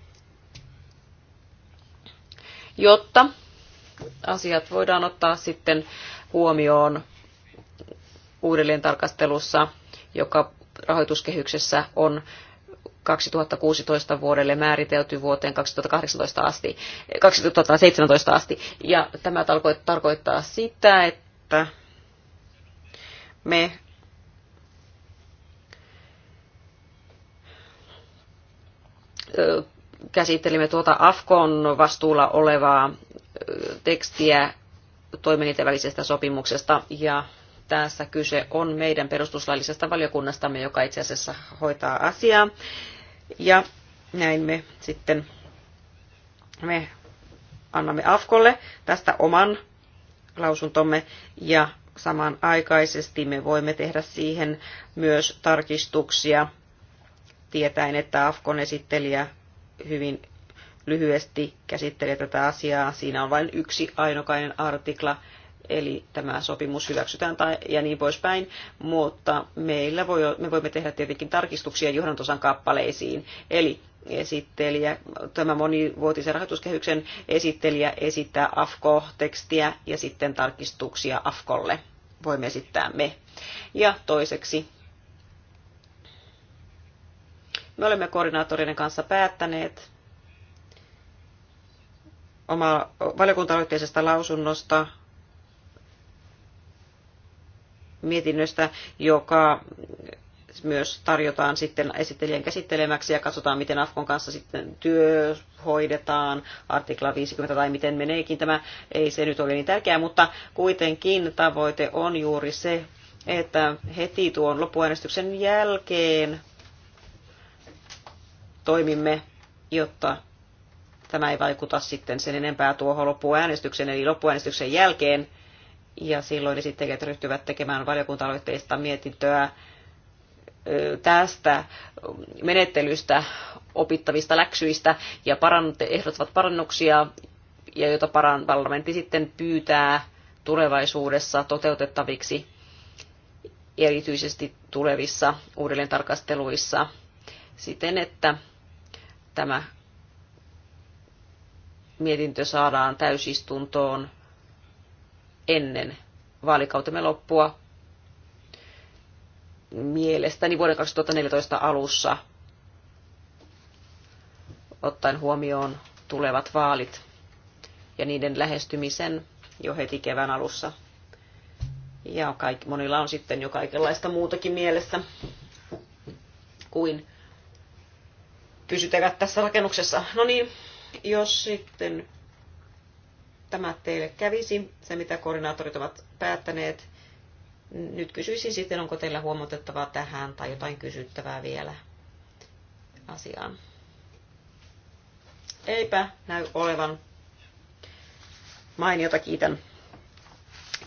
jotta asiat voidaan ottaa sitten huomioon uudelleen tarkastelussa, joka rahoituskehyksessä on 2016 vuodelle määritelty vuoteen 2018 asti, 2017 asti. Ja tämä tarkoittaa sitä, että me käsittelimme tuota Afkon vastuulla olevaa tekstiä toimielinten välisestä sopimuksesta ja tässä kyse on meidän perustuslaillisesta valiokunnastamme, joka itse asiassa hoitaa asiaa. Ja näin me sitten me annamme Afkolle tästä oman lausuntomme ja samanaikaisesti me voimme tehdä siihen myös tarkistuksia tietäen, että Afkon esittelijä hyvin lyhyesti käsittelee tätä asiaa. Siinä on vain yksi ainokainen artikla, eli tämä sopimus hyväksytään tai, ja niin poispäin, mutta meillä voi, me voimme tehdä tietenkin tarkistuksia johdantosan kappaleisiin. Eli esittelijä, tämä monivuotisen rahoituskehyksen esittelijä esittää AFKO-tekstiä ja sitten tarkistuksia AFKOlle voimme esittää me. Ja toiseksi me olemme koordinaattorinen kanssa päättäneet oma valiokunta lausunnosta mietinnöstä, joka myös tarjotaan sitten esittelijän käsittelemäksi ja katsotaan, miten Afkon kanssa sitten työ hoidetaan, artikla 50 tai miten meneekin tämä, ei se nyt ole niin tärkeää, mutta kuitenkin tavoite on juuri se, että heti tuon loppuäänestyksen jälkeen toimimme, jotta tämä ei vaikuta sitten sen enempää tuohon loppuäänestyksen, eli loppuäänestyksen jälkeen. Ja silloin esittäjät ryhtyvät tekemään valiokunta-aloitteista mietintöä tästä menettelystä opittavista läksyistä ja parant- ehdottavat parannuksia, ja jota paran- parlamentti sitten pyytää tulevaisuudessa toteutettaviksi erityisesti tulevissa uudelleen tarkasteluissa siten, että tämä mietintö saadaan täysistuntoon ennen vaalikautemme loppua mielestäni vuoden 2014 alussa ottaen huomioon tulevat vaalit ja niiden lähestymisen jo heti kevään alussa. Ja kaik, monilla on sitten jo kaikenlaista muutakin mielessä kuin pysytevät tässä rakennuksessa. No niin, jos sitten tämä teille kävisi, se mitä koordinaattorit ovat päättäneet, nyt kysyisin sitten, onko teillä huomautettavaa tähän tai jotain kysyttävää vielä asiaan. Eipä näy olevan. Mainiota kiitän.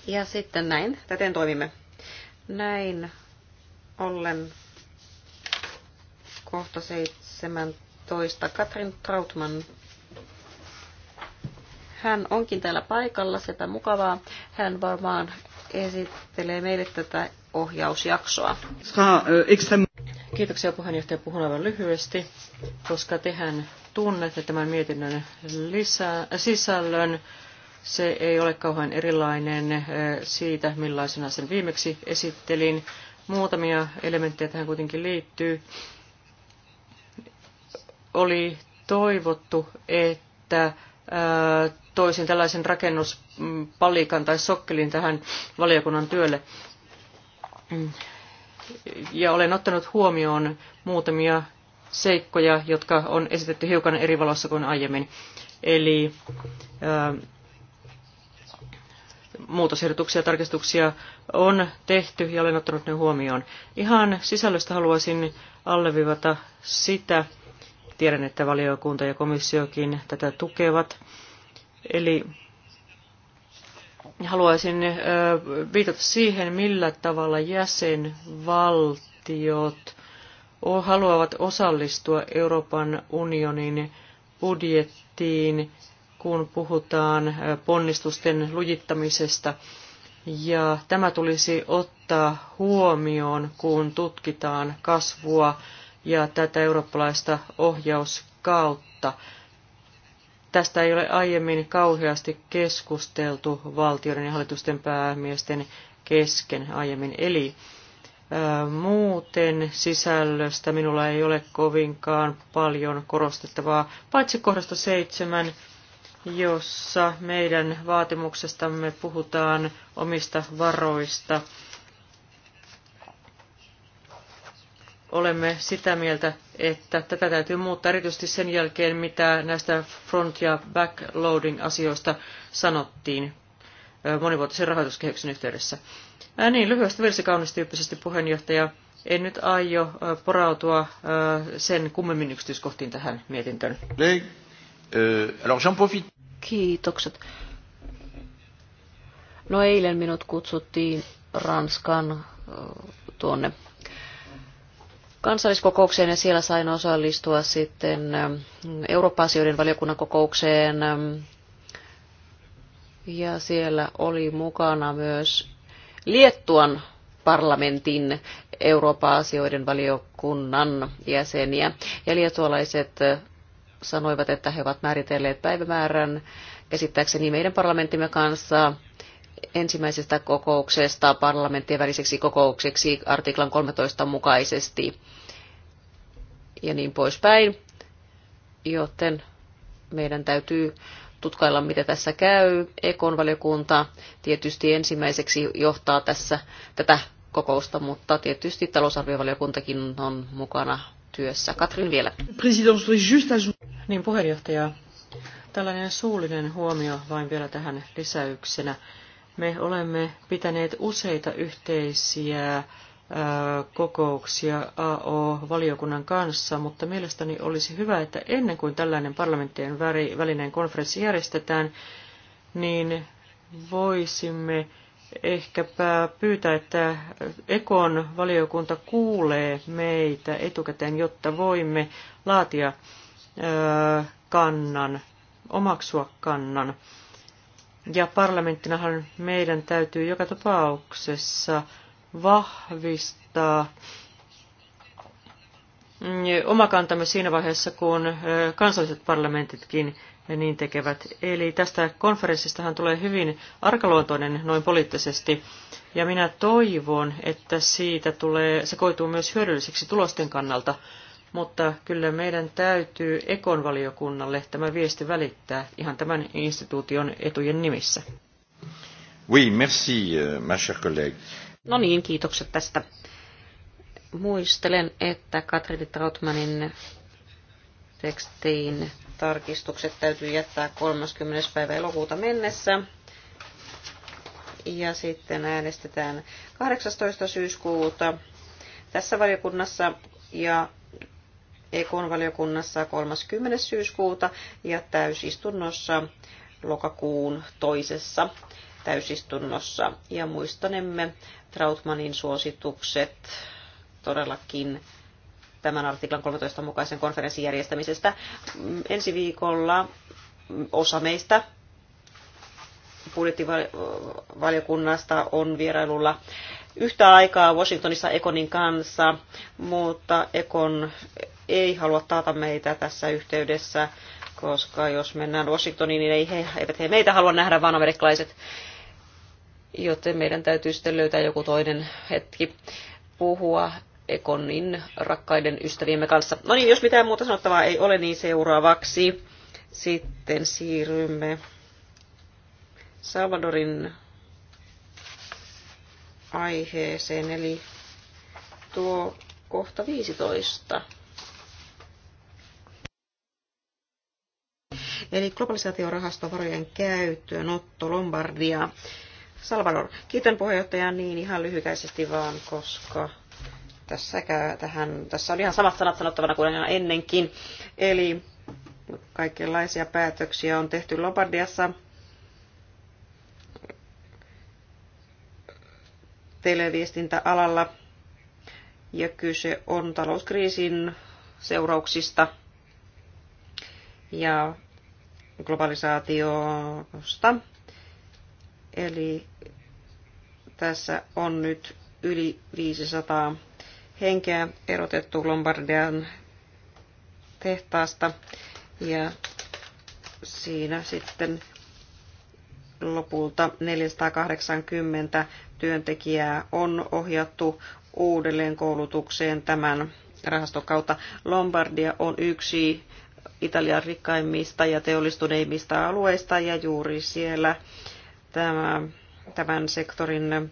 Ja sitten näin, täten toimimme. Näin ollen kohta 17. Katrin Trautman. Hän onkin täällä paikalla, sepä mukavaa. Hän varmaan esittelee meille tätä ohjausjaksoa. Eh, Kiitoksia puheenjohtaja. Puhun aivan lyhyesti, koska tehän tunnette tämän mietinnön lisä sisällön. Se ei ole kauhean erilainen eh, siitä, millaisena sen viimeksi esittelin. Muutamia elementtejä tähän kuitenkin liittyy oli toivottu, että toisin tällaisen rakennuspalikan tai sokkelin tähän valiokunnan työlle. Ja olen ottanut huomioon muutamia seikkoja, jotka on esitetty hiukan eri valossa kuin aiemmin. Eli muutosehdotuksia ja tarkistuksia on tehty ja olen ottanut ne huomioon. Ihan sisällöstä haluaisin alleviivata sitä, Tiedän, että valiokunta ja komissiokin tätä tukevat. Eli haluaisin viitata siihen, millä tavalla jäsenvaltiot haluavat osallistua Euroopan unionin budjettiin, kun puhutaan ponnistusten lujittamisesta. Ja tämä tulisi ottaa huomioon, kun tutkitaan kasvua ja tätä eurooppalaista ohjauskautta. Tästä ei ole aiemmin kauheasti keskusteltu valtioiden ja hallitusten päämiesten kesken aiemmin. Eli muuten sisällöstä minulla ei ole kovinkaan paljon korostettavaa, paitsi kohdasta seitsemän, jossa meidän vaatimuksestamme puhutaan omista varoista – olemme sitä mieltä, että tätä täytyy muuttaa erityisesti sen jälkeen, mitä näistä front- ja backloading-asioista sanottiin monivuotisen rahoituskehyksen yhteydessä. Ää niin, lyhyesti virsi kaunis tyyppisesti puheenjohtaja. En nyt aio porautua sen kummemmin yksityiskohtiin tähän mietintöön. Kiitokset. No eilen minut kutsuttiin Ranskan tuonne kansalliskokoukseen ja siellä sain osallistua sitten ähm, Eurooppa-asioiden valiokunnan kokoukseen. Ähm, ja siellä oli mukana myös Liettuan parlamentin Eurooppa-asioiden valiokunnan jäseniä. Ja liettualaiset äh, sanoivat, että he ovat määritelleet päivämäärän käsittääkseni meidän parlamenttimme kanssa ensimmäisestä kokouksesta parlamenttien väliseksi kokoukseksi artiklan 13 mukaisesti ja niin poispäin. Joten meidän täytyy tutkailla, mitä tässä käy. Ekon valiokunta tietysti ensimmäiseksi johtaa tässä tätä kokousta, mutta tietysti talousarviovaliokuntakin on mukana työssä. Katrin vielä. Niin puheenjohtaja, tällainen suullinen huomio vain vielä tähän lisäyksenä. Me olemme pitäneet useita yhteisiä kokouksia AO-valiokunnan kanssa, mutta mielestäni olisi hyvä, että ennen kuin tällainen parlamenttien välinen konferenssi järjestetään, niin voisimme ehkäpä pyytää, että Ekon valiokunta kuulee meitä etukäteen, jotta voimme laatia kannan, omaksua kannan. Ja parlamenttinahan meidän täytyy joka tapauksessa vahvistaa omakantamme siinä vaiheessa, kun kansalliset parlamentitkin niin tekevät. Eli tästä konferenssistahan tulee hyvin arkaluontoinen noin poliittisesti, ja minä toivon, että siitä tulee, se koituu myös hyödylliseksi tulosten kannalta, mutta kyllä meidän täytyy ekonvaliokunnalle tämä viesti välittää ihan tämän instituution etujen nimissä. Oui, merci, euh, ma chère collègue. No niin, kiitokset tästä. Muistelen, että Katrin Trautmanin tekstiin tarkistukset täytyy jättää 30. päivä elokuuta mennessä. Ja sitten äänestetään 18. syyskuuta tässä valiokunnassa ja EKn valiokunnassa 30. syyskuuta ja täysistunnossa lokakuun toisessa täysistunnossa. Ja muistanemme Trautmanin suositukset todellakin tämän artiklan 13 mukaisen konferenssin järjestämisestä. Mm, ensi viikolla osa meistä budjettivaliokunnasta on vierailulla yhtä aikaa Washingtonissa Ekonin kanssa, mutta Ekon ei halua taata meitä tässä yhteydessä, koska jos mennään Washingtoniin, niin ei he, eivät he meitä halua nähdä, vaan amerikkalaiset joten meidän täytyy sitten löytää joku toinen hetki puhua Ekonin rakkaiden ystäviemme kanssa. No niin, jos mitään muuta sanottavaa ei ole, niin seuraavaksi sitten siirrymme Salvadorin aiheeseen, eli tuo kohta 15. Eli globalisaatiorahastovarojen käyttöönotto Lombardia Salvador. Kiitän puheenjohtajaa niin ihan lyhykäisesti vaan, koska tässä, tähän, tässä oli ihan samat sanat sanottavana kuin ennenkin. Eli kaikenlaisia päätöksiä on tehty Lombardiassa televiestintäalalla ja kyse on talouskriisin seurauksista ja globalisaatiosta Eli tässä on nyt yli 500 henkeä erotettu Lombardian tehtaasta ja siinä sitten lopulta 480 työntekijää on ohjattu uudelleen koulutukseen tämän rahaston kautta. Lombardia on yksi Italian rikkaimmista ja teollistuneimmista alueista ja juuri siellä tämä, tämän sektorin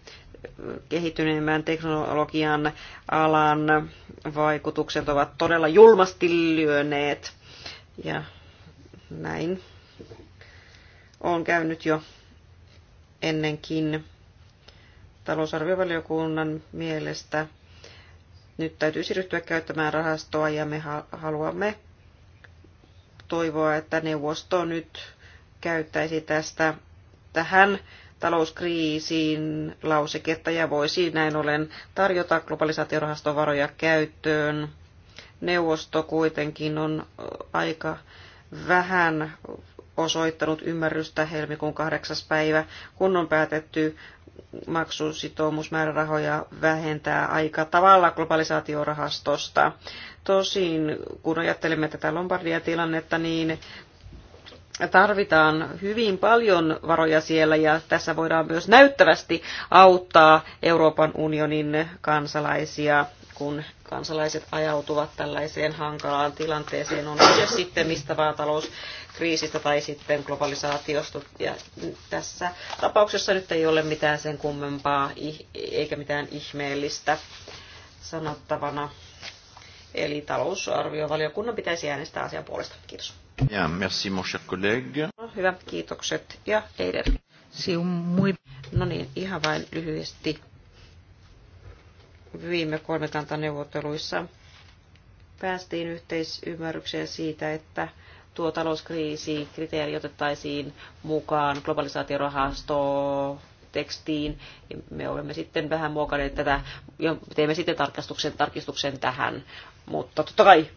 kehittyneemmän teknologian alan vaikutukset ovat todella julmasti lyöneet. Ja näin on käynyt jo ennenkin talousarviovaliokunnan mielestä. Nyt täytyy siirtyä käyttämään rahastoa ja me haluamme toivoa, että neuvosto nyt käyttäisi tästä tähän talouskriisiin lauseketta ja voisi näin ollen tarjota globalisaatiorahaston varoja käyttöön. Neuvosto kuitenkin on aika vähän osoittanut ymmärrystä helmikuun kahdeksas päivä, kun on päätetty maksusitoumusmäärärahoja vähentää aika tavalla globalisaatiorahastosta. Tosin kun ajattelemme tätä Lombardia-tilannetta, niin tarvitaan hyvin paljon varoja siellä ja tässä voidaan myös näyttävästi auttaa Euroopan unionin kansalaisia, kun kansalaiset ajautuvat tällaiseen hankalaan tilanteeseen. On kyse sitten mistä vaan talouskriisistä tai sitten globalisaatiosta. Ja tässä tapauksessa nyt ei ole mitään sen kummempaa eikä mitään ihmeellistä sanottavana. Eli talousarviovaliokunnan pitäisi äänestää asian puolesta. Kiitos. Ja, merci mon cher collègue. No, hyvä, kiitokset. Ja Eider. Siumui. No niin, ihan vain lyhyesti. Viime kolmikantaneuvotteluissa päästiin yhteisymmärrykseen siitä, että tuo talouskriisi kriteeri otettaisiin mukaan globalisaatiorahasto tekstiin. Me olemme sitten vähän muokanneet tätä ja teemme sitten tarkastuksen, tarkistuksen tähän mutta totta kai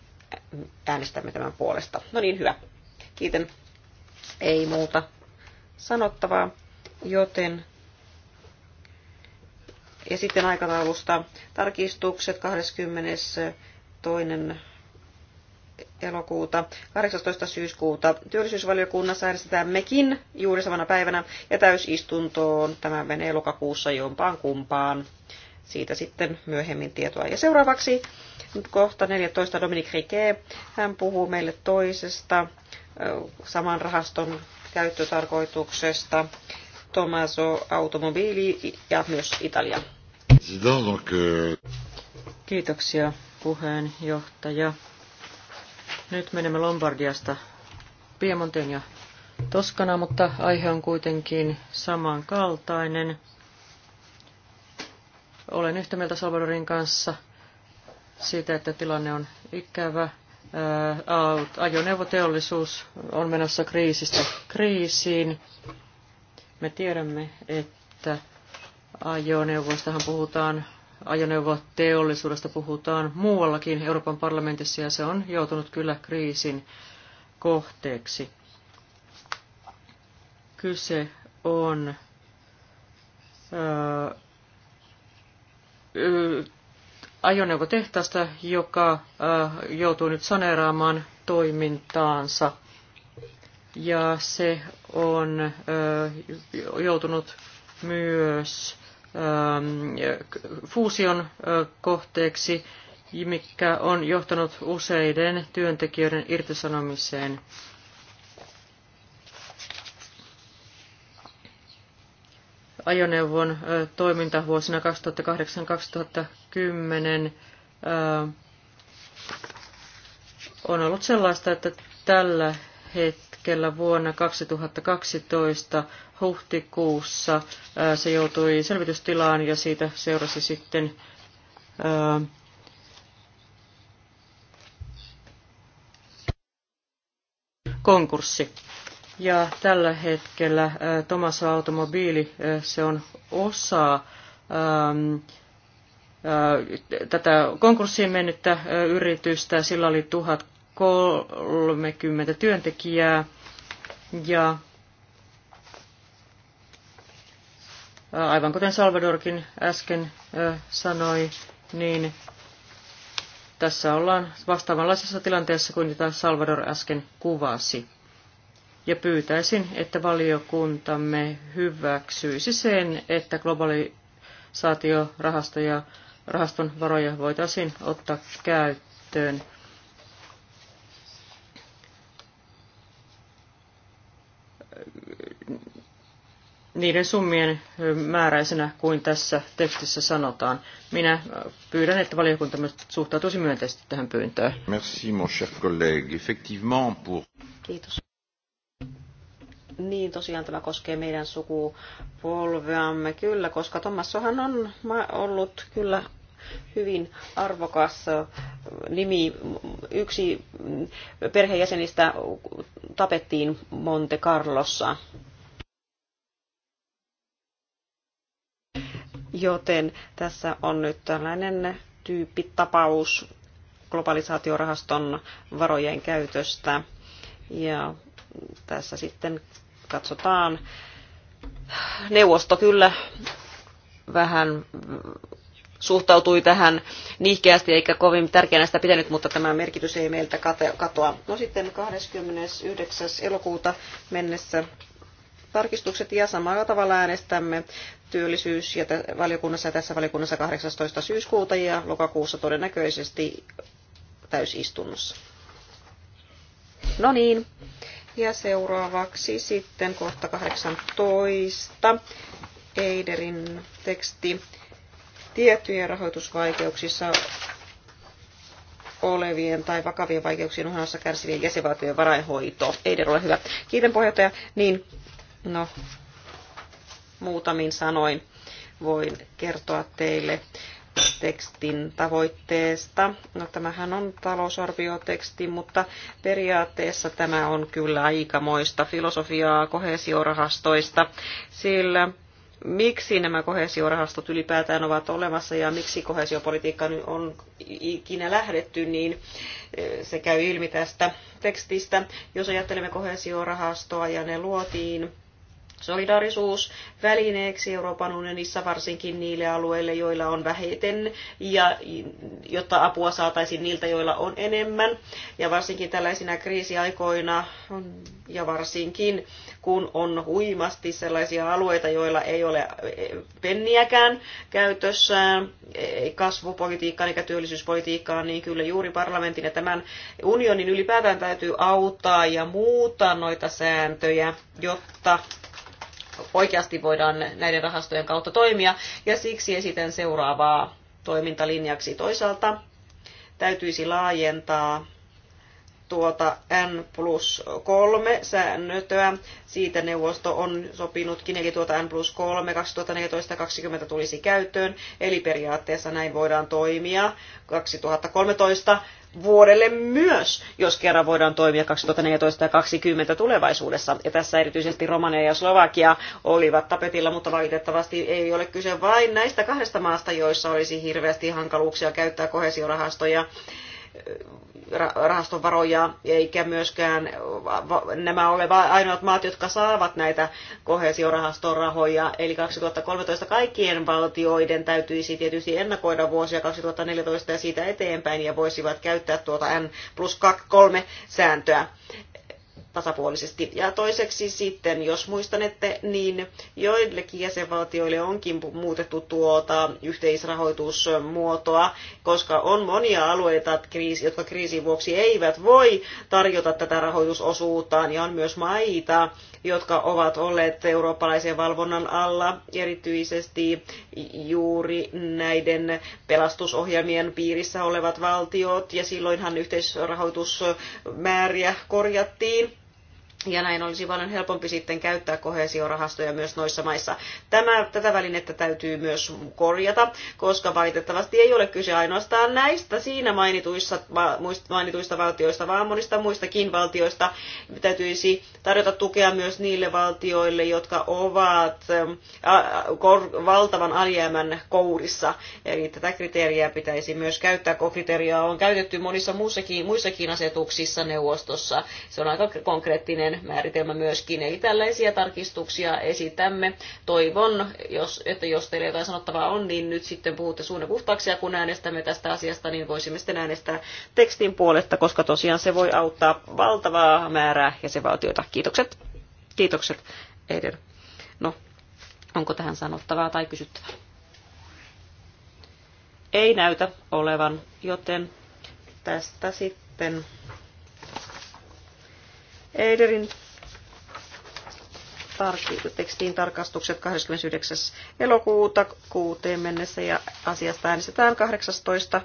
äänestämme tämän puolesta. No niin, hyvä. Kiitän. Ei muuta sanottavaa, joten... Ja sitten aikataulusta tarkistukset 22. elokuuta, 18. syyskuuta. Työllisyysvaliokunnassa äänestetään mekin juuri samana päivänä ja täysistuntoon tämä menee lokakuussa jompaan kumpaan. Siitä sitten myöhemmin tietoa. Ja seuraavaksi nyt kohta 14 Dominik Riquet. Hän puhuu meille toisesta saman rahaston käyttötarkoituksesta. Tomaso automobili ja myös Italia. Euh, Kiitoksia puheenjohtaja. Nyt menemme Lombardiasta Piemonteen ja Toskana, mutta aihe on kuitenkin samankaltainen. Olen yhtä mieltä Salvadorin kanssa siitä, että tilanne on ikävä. Ajoneuvoteollisuus on menossa kriisistä kriisiin. Me tiedämme, että ajoneuvoistahan puhutaan, ajoneuvoteollisuudesta puhutaan muuallakin Euroopan parlamentissa ja se on joutunut kyllä kriisin kohteeksi. Kyse on ää, ajoneuvotehtaasta, joka äh, joutuu nyt saneeraamaan toimintaansa. Ja se on äh, joutunut myös ähm, fuusion äh, kohteeksi, mikä on johtanut useiden työntekijöiden irtisanomiseen. ajoneuvon toiminta vuosina 2008-2010 on ollut sellaista, että tällä hetkellä vuonna 2012 huhtikuussa se joutui selvitystilaan ja siitä seurasi sitten konkurssi. Ja tällä hetkellä äh, Thomas Automobiili, äh, se on osa äm, äh, tätä konkurssiin mennyttä yritystä. Sillä oli 1030 työntekijää ja aivan kuten Salvadorkin äsken sanoi, niin tässä ollaan vastaavanlaisessa tilanteessa kuin mitä Salvador äsken kuvasi ja pyytäisin, että valiokuntamme hyväksyisi sen, että ja rahaston varoja voitaisiin ottaa käyttöön. niiden summien määräisenä kuin tässä tekstissä sanotaan. Minä pyydän, että valiokunta myös suhtautuisi myönteisesti tähän pyyntöön. Merci, mon cher collègue. Effectivement, pour... Kiitos. Niin tosiaan tämä koskee meidän sukupolveamme kyllä, koska Tomassohan on ollut kyllä hyvin arvokas nimi. Yksi perheenjäsenistä tapettiin Monte Carlossa. Joten tässä on nyt tällainen tyyppitapaus globalisaatiorahaston varojen käytöstä. Ja tässä sitten katsotaan. Neuvosto kyllä vähän suhtautui tähän nihkeästi eikä kovin tärkeänä sitä pitänyt, mutta tämä merkitys ei meiltä katoa. No sitten 29. elokuuta mennessä tarkistukset ja samalla tavalla äänestämme työllisyys- ja valiokunnassa ja tässä valiokunnassa 18. syyskuuta ja lokakuussa todennäköisesti täysistunnossa. No niin, ja seuraavaksi sitten kohta 18. Eiderin teksti tiettyjen rahoitusvaikeuksissa olevien tai vakavien vaikeuksien uhanassa kärsivien jäsenvaltioiden varainhoito. Eider, ole hyvä. Kiitän puheenjohtaja. Niin, no, muutamin sanoin voin kertoa teille tekstin tavoitteesta. No tämähän on talousarvioteksti, mutta periaatteessa tämä on kyllä aikamoista filosofiaa kohesiorahastoista, sillä miksi nämä kohesiorahastot ylipäätään ovat olemassa ja miksi kohesiopolitiikka on ikinä lähdetty, niin e, se käy ilmi tästä tekstistä. Jos ajattelemme kohesiorahastoa ja ne luotiin solidaarisuus välineeksi Euroopan unionissa varsinkin niille alueille, joilla on vähiten, ja jotta apua saataisiin niiltä, joilla on enemmän. Ja varsinkin tällaisina kriisiaikoina, ja varsinkin kun on huimasti sellaisia alueita, joilla ei ole e, penniäkään käytössään, ei kasvupolitiikkaan eikä työllisyyspolitiikkaan, niin kyllä juuri parlamentin ja tämän unionin ylipäätään täytyy auttaa ja muuttaa noita sääntöjä, jotta oikeasti voidaan näiden rahastojen kautta toimia, ja siksi esitän seuraavaa toimintalinjaksi. Toisaalta täytyisi laajentaa tuota N plus 3 säännötöä. Siitä neuvosto on sopinutkin, eli tuota N plus 3 2014-2020 tulisi käyttöön, eli periaatteessa näin voidaan toimia 2013 vuodelle myös, jos kerran voidaan toimia 2014 ja 2020 tulevaisuudessa. Ja tässä erityisesti Romania ja Slovakia olivat tapetilla, mutta valitettavasti ei ole kyse vain näistä kahdesta maasta, joissa olisi hirveästi hankaluuksia käyttää kohesiorahastoja rahaston varoja, eikä myöskään nämä ole ainoat maat, jotka saavat näitä kohesiorahaston rahoja. Eli 2013 kaikkien valtioiden täytyisi tietysti ennakoida vuosia 2014 ja siitä eteenpäin ja voisivat käyttää tuota N plus 3 sääntöä tasapuolisesti. Ja toiseksi sitten, jos muistanette, niin joillekin jäsenvaltioille onkin muutettu tuota yhteisrahoitusmuotoa, koska on monia alueita, jotka kriisin vuoksi eivät voi tarjota tätä rahoitusosuuttaan, ja on myös maita, jotka ovat olleet eurooppalaisen valvonnan alla, erityisesti juuri näiden pelastusohjelmien piirissä olevat valtiot, ja silloinhan yhteisrahoitusmääriä korjattiin ja näin olisi paljon helpompi sitten käyttää kohesiorahastoja myös noissa maissa. Tämä, tätä välinettä täytyy myös korjata, koska valitettavasti ei ole kyse ainoastaan näistä siinä mainituissa, mainituista valtioista, vaan monista muistakin valtioista täytyisi tarjota tukea myös niille valtioille, jotka ovat ähm, valtavan alijäämän kourissa. Eli tätä kriteeriä pitäisi myös käyttää, kun kriteeriä on käytetty monissa muissakin, muissakin asetuksissa neuvostossa. Se on aika konkreettinen määritelmä myöskin. Eli tällaisia tarkistuksia esitämme. Toivon, jos, että jos teillä jotain sanottavaa on, niin nyt sitten puhutte suunne puhtaaksi ja kun äänestämme tästä asiasta, niin voisimme sitten äänestää tekstin puolesta, koska tosiaan se voi auttaa valtavaa määrää jäsenvaltioita. Kiitokset. Kiitokset, Eider. No, onko tähän sanottavaa tai kysyttävää? Ei näytä olevan, joten tästä sitten Eiderin tar- tekstiin tarkastukset 29. elokuuta kuuteen mennessä ja asiasta äänestetään 18.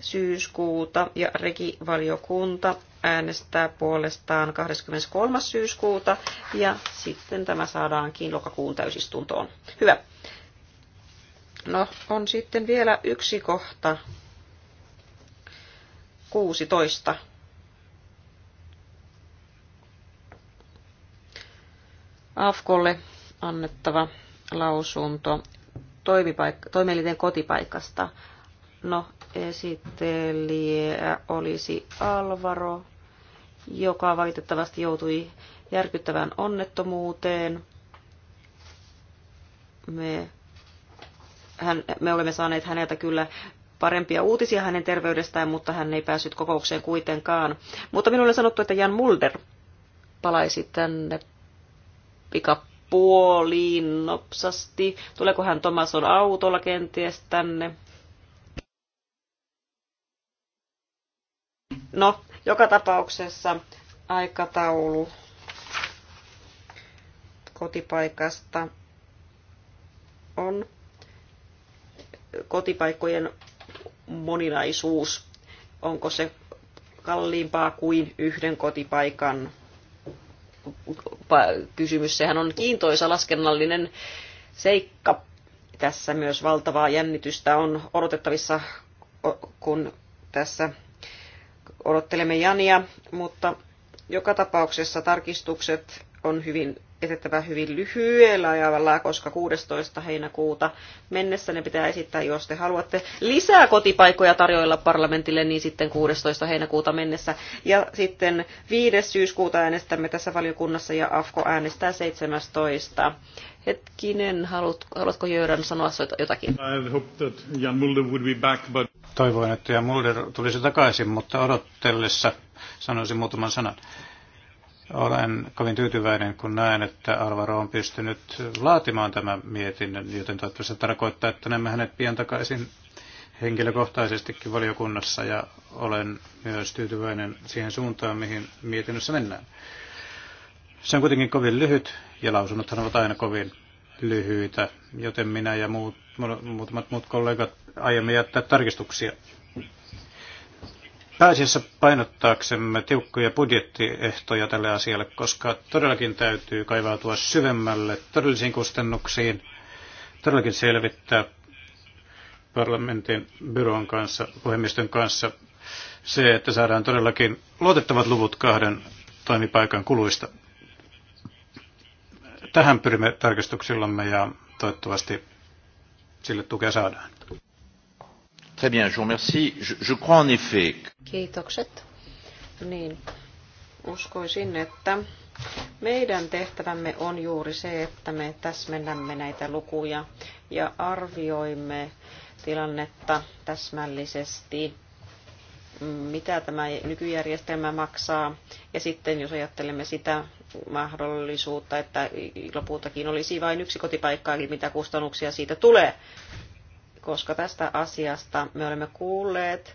syyskuuta ja regivaliokunta äänestää puolestaan 23. syyskuuta ja sitten tämä saadaankin lokakuun täysistuntoon. Hyvä. No, on sitten vielä yksi kohta. 16 AFKolle annettava lausunto toimipaik- toimielinten kotipaikasta. No, esittelijä olisi Alvaro, joka valitettavasti joutui järkyttävään onnettomuuteen. Me, hän, me olemme saaneet häneltä kyllä parempia uutisia hänen terveydestään, mutta hän ei päässyt kokoukseen kuitenkaan. Mutta minulle on sanottu, että Jan Mulder palaisi tänne pikapuoliin nopsasti. Tuleeko hän Tomason autolla kenties tänne? No, joka tapauksessa aikataulu kotipaikasta on kotipaikkojen moninaisuus. Onko se kalliimpaa kuin yhden kotipaikan kysymys. Sehän on kiintoisa laskennallinen seikka. Tässä myös valtavaa jännitystä on odotettavissa, kun tässä odottelemme Jania, mutta joka tapauksessa tarkistukset on hyvin esitettävä hyvin lyhyellä ajalla, koska 16. heinäkuuta mennessä ne pitää esittää, jos te haluatte lisää kotipaikkoja tarjoilla parlamentille, niin sitten 16. heinäkuuta mennessä. Ja sitten 5. syyskuuta äänestämme tässä valiokunnassa ja AFKO äänestää 17. Hetkinen, haluat, haluatko Jöran sanoa jotakin? Jan Mulder would be back, but... Toivoin, että Jan Mulder tulisi takaisin, mutta odottellessa sanoisin muutaman sanan. Olen kovin tyytyväinen, kun näen, että Alvaro on pystynyt laatimaan tämän mietinnön, joten toivottavasti tarkoittaa, että näemme hänet pian takaisin henkilökohtaisestikin valiokunnassa ja olen myös tyytyväinen siihen suuntaan, mihin mietinnössä mennään. Se on kuitenkin kovin lyhyt ja lausunnothan ovat aina kovin lyhyitä, joten minä ja muut, muutamat muut kollegat aiomme jättää tarkistuksia pääasiassa painottaaksemme tiukkoja budjettiehtoja tälle asialle, koska todellakin täytyy kaivautua syvemmälle todellisiin kustannuksiin, todellakin selvittää parlamentin byron kanssa, puhemistön kanssa se, että saadaan todellakin luotettavat luvut kahden toimipaikan kuluista. Tähän pyrimme tarkistuksillamme ja toivottavasti sille tukea saadaan. Très bien, je vous remercie. Je, je crois en effet. Kiitokset. Niin, uskoisin, että meidän tehtävämme on juuri se, että me täsmennämme näitä lukuja ja arvioimme tilannetta täsmällisesti, mitä tämä nykyjärjestelmä maksaa. Ja sitten jos ajattelemme sitä mahdollisuutta, että lopultakin olisi vain yksi kotipaikka, eli mitä kustannuksia siitä tulee, koska tästä asiasta me olemme kuulleet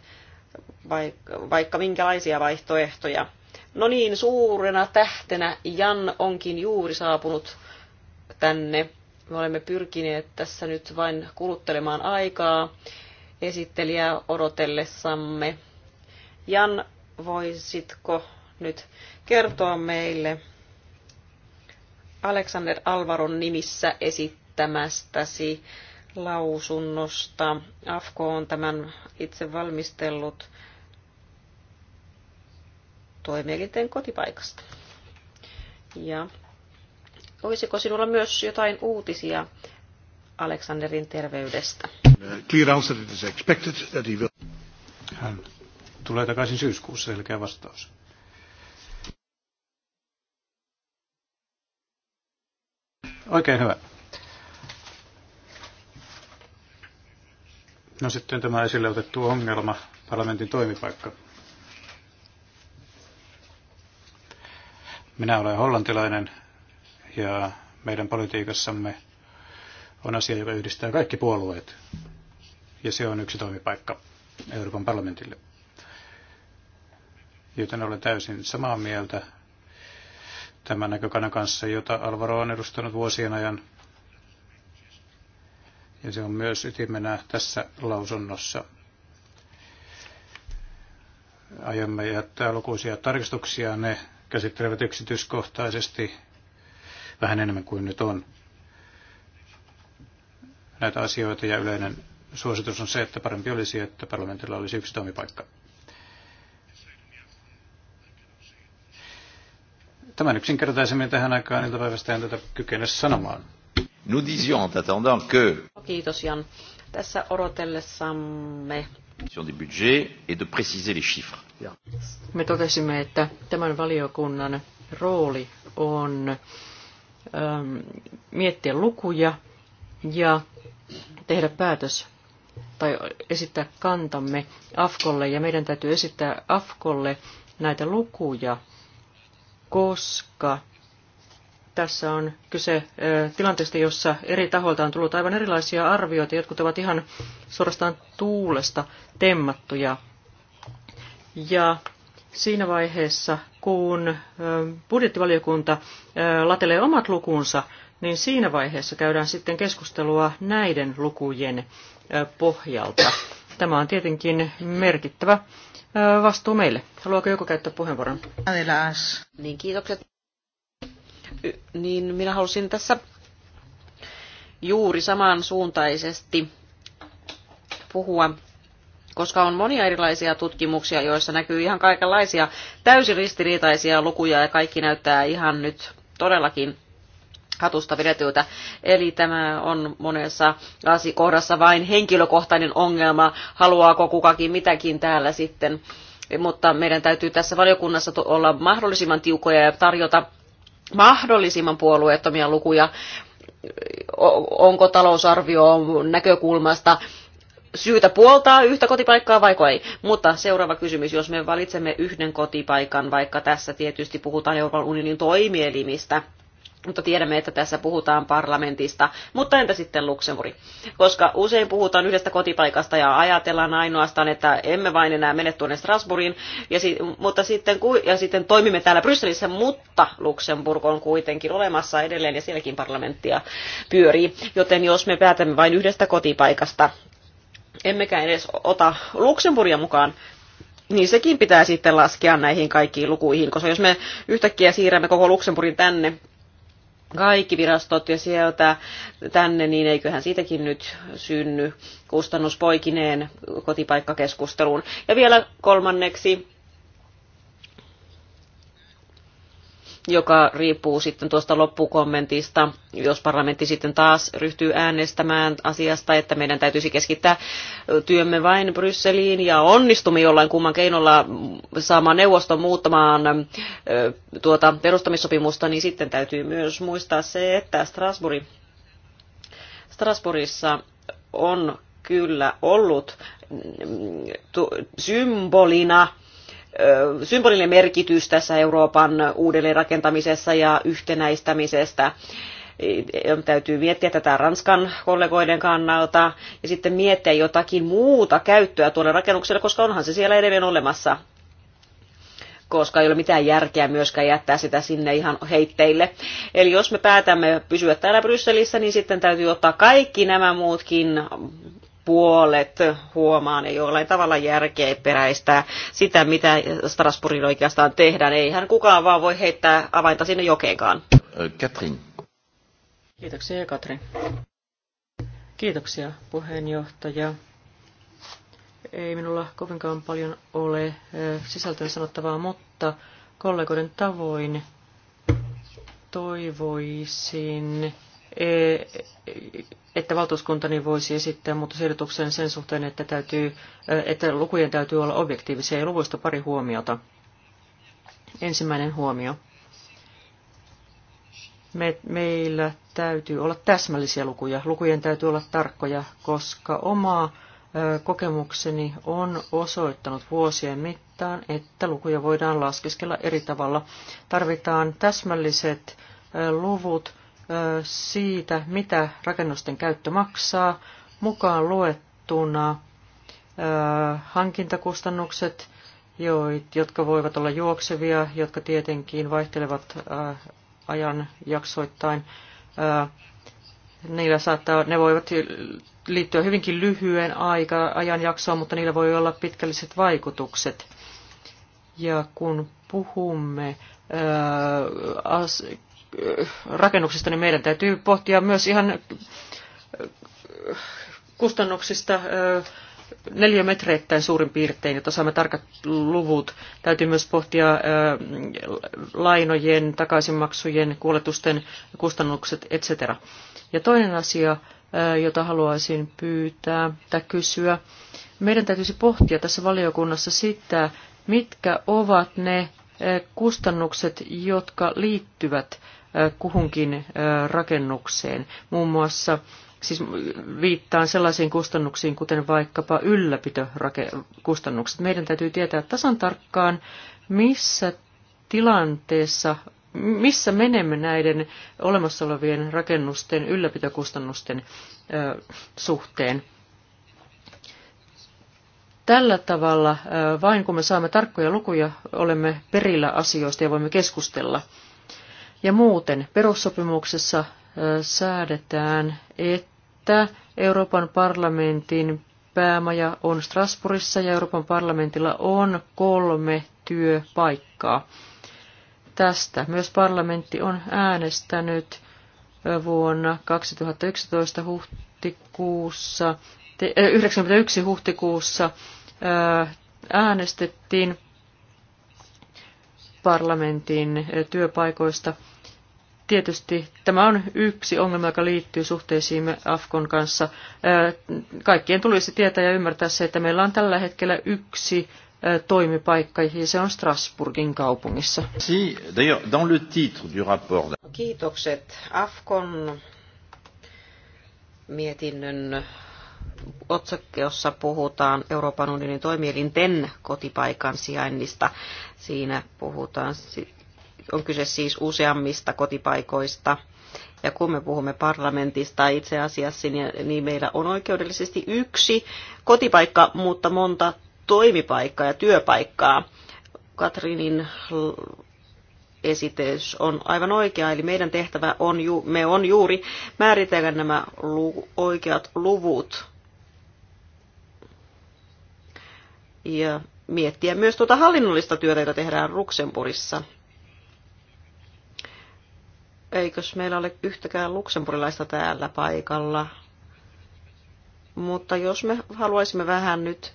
vaikka minkälaisia vaihtoehtoja. No niin, suurena tähtenä Jan onkin juuri saapunut tänne. Me olemme pyrkineet tässä nyt vain kuluttelemaan aikaa esittelijää odotellessamme. Jan, voisitko nyt kertoa meille Alexander Alvaron nimissä esittämästäsi lausunnosta. AFKO on tämän itse valmistellut toimielinten kotipaikasta. Ja olisiko sinulla myös jotain uutisia Aleksanderin terveydestä? Hän tulee takaisin syyskuussa, selkeä vastaus. Oikein hyvä. No sitten tämä esille otettu ongelma, parlamentin toimipaikka. Minä olen hollantilainen ja meidän politiikassamme on asia, joka yhdistää kaikki puolueet. Ja se on yksi toimipaikka Euroopan parlamentille. Joten olen täysin samaa mieltä tämän näkökannan kanssa, jota Alvaro on edustanut vuosien ajan – ja se on myös ytimenä tässä lausunnossa. Aiomme jättää lukuisia tarkistuksia, ne käsittelevät yksityiskohtaisesti vähän enemmän kuin nyt on näitä asioita ja yleinen suositus on se, että parempi olisi, että parlamentilla olisi yksi toimipaikka. Tämän yksinkertaisemmin tähän aikaan iltapäivästä en tätä kykene sanomaan. Nous disions en attendant que... Kiitos Jan. Tässä odotellessamme du budget et de préciser les chiffres. Me totesimme, että tämän valiokunnan rooli on ähm, miettiä lukuja ja tehdä päätös tai esittää kantamme Afkolle ja meidän täytyy esittää Afkolle näitä lukuja, koska tässä on kyse tilanteesta, jossa eri tahoilta on tullut aivan erilaisia arvioita. Jotkut ovat ihan suorastaan tuulesta temmattuja. Ja siinä vaiheessa, kun budjettivaliokunta latelee omat lukunsa, niin siinä vaiheessa käydään sitten keskustelua näiden lukujen pohjalta. Tämä on tietenkin merkittävä vastuu meille. Haluaako joku käyttää puheenvuoron? Niin, kiitokset niin minä halusin tässä juuri samansuuntaisesti puhua, koska on monia erilaisia tutkimuksia, joissa näkyy ihan kaikenlaisia täysin ristiriitaisia lukuja ja kaikki näyttää ihan nyt todellakin hatusta vedetyltä. Eli tämä on monessa asiakohdassa vain henkilökohtainen ongelma, haluaako kukakin mitäkin täällä sitten. Mutta meidän täytyy tässä valiokunnassa olla mahdollisimman tiukoja ja tarjota mahdollisimman puolueettomia lukuja, onko talousarvio näkökulmasta syytä puoltaa yhtä kotipaikkaa vai ei. Mutta seuraava kysymys, jos me valitsemme yhden kotipaikan, vaikka tässä tietysti puhutaan Euroopan unionin toimielimistä, mutta tiedämme, että tässä puhutaan parlamentista. Mutta entä sitten Luxemburg? Koska usein puhutaan yhdestä kotipaikasta ja ajatellaan ainoastaan, että emme vain enää mene tuonne Strasbourgiin, ja si- mutta sitten, ja sitten toimimme täällä Brysselissä, mutta Luxemburg on kuitenkin olemassa edelleen ja sielläkin parlamenttia pyörii. Joten jos me päätämme vain yhdestä kotipaikasta, emmekä edes ota Luxemburgia mukaan niin sekin pitää sitten laskea näihin kaikkiin lukuihin, koska jos me yhtäkkiä siirrämme koko Luxemburgin tänne, kaikki virastot ja sieltä tänne, niin eiköhän siitäkin nyt synny kustannuspoikineen kotipaikkakeskusteluun. Ja vielä kolmanneksi joka riippuu sitten tuosta loppukommentista, jos parlamentti sitten taas ryhtyy äänestämään asiasta, että meidän täytyisi keskittää työmme vain Brysseliin ja onnistumme jollain kumman keinolla saamaan neuvoston muuttamaan tuota perustamissopimusta, niin sitten täytyy myös muistaa se, että Strasbourg, Strasbourgissa on kyllä ollut symbolina symbolinen merkitys tässä Euroopan uudelleenrakentamisessa ja yhtenäistämisestä täytyy miettiä tätä Ranskan kollegoiden kannalta ja sitten miettiä jotakin muuta käyttöä tuolle rakennukselle, koska onhan se siellä edelleen olemassa koska ei ole mitään järkeä myöskään jättää sitä sinne ihan heitteille. Eli jos me päätämme pysyä täällä Brysselissä, niin sitten täytyy ottaa kaikki nämä muutkin puolet huomaan, ei ole tavalla peräistää sitä, mitä Strasbourgin oikeastaan tehdään. Eihän kukaan vaan voi heittää avainta sinne jokeenkaan. Katrin. Kiitoksia, Katrin. Kiitoksia, puheenjohtaja. Ei minulla kovinkaan paljon ole sisältöä sanottavaa, mutta kollegoiden tavoin toivoisin, E, että valtuuskuntani voisi esittää muutosehdotuksen sen suhteen, että, täytyy, e, että lukujen täytyy olla objektiivisia. Ja luvuista pari huomiota. Ensimmäinen huomio. Me, meillä täytyy olla täsmällisiä lukuja. Lukujen täytyy olla tarkkoja, koska oma e, kokemukseni on osoittanut vuosien mittaan, että lukuja voidaan laskeskella eri tavalla. Tarvitaan täsmälliset luvut, siitä, mitä rakennusten käyttö maksaa, mukaan luettuna hankintakustannukset, jotka voivat olla juoksevia, jotka tietenkin vaihtelevat ajan jaksoittain. Niillä saattaa, ne voivat liittyä hyvinkin lyhyen aika, jaksoon, mutta niillä voi olla pitkälliset vaikutukset. Ja kun puhumme rakennuksista, niin meidän täytyy pohtia myös ihan äh, kustannuksista äh, neliömetreittäin suurin piirtein, jotta saamme tarkat luvut. Täytyy myös pohtia äh, lainojen, takaisinmaksujen, kuoletusten kustannukset, etc. Ja toinen asia, jota haluaisin pyytää tai kysyä. Meidän täytyisi pohtia tässä valiokunnassa sitä, mitkä ovat ne kustannukset, jotka liittyvät kuhunkin rakennukseen. Muun muassa siis viittaan sellaisiin kustannuksiin, kuten vaikkapa ylläpitokustannukset. Meidän täytyy tietää tasan tarkkaan, missä tilanteessa, missä menemme näiden olemassa olevien rakennusten ylläpitokustannusten ö, suhteen. Tällä tavalla vain kun me saamme tarkkoja lukuja, olemme perillä asioista ja voimme keskustella ja muuten perussopimuksessa säädetään, että Euroopan parlamentin päämaja on Strasbourgissa ja Euroopan parlamentilla on kolme työpaikkaa. Tästä myös parlamentti on äänestänyt vuonna 2011 huhtikuussa, 91 huhtikuussa äänestettiin parlamentin työpaikoista – Tietysti tämä on yksi ongelma, joka liittyy suhteisiimme Afkon kanssa. Kaikkien tulisi tietää ja ymmärtää se, että meillä on tällä hetkellä yksi toimipaikka, ja se on Strasbourgin kaupungissa. Kiitokset Afkon mietinnön otsakkeossa puhutaan Euroopan unionin toimielinten kotipaikan sijainnista. Siinä puhutaan on kyse siis useammista kotipaikoista. Ja kun me puhumme parlamentista itse asiassa, niin, niin meillä on oikeudellisesti yksi kotipaikka, mutta monta toimipaikkaa ja työpaikkaa. Katrinin esitys on aivan oikea, eli meidän tehtävä on, ju, me on juuri määritellä nämä lu, oikeat luvut ja miettiä myös tuota hallinnollista työtä, jota tehdään Ruksenburissa. Eikös meillä ole yhtäkään luksemburilaista täällä paikalla? Mutta jos me haluaisimme vähän nyt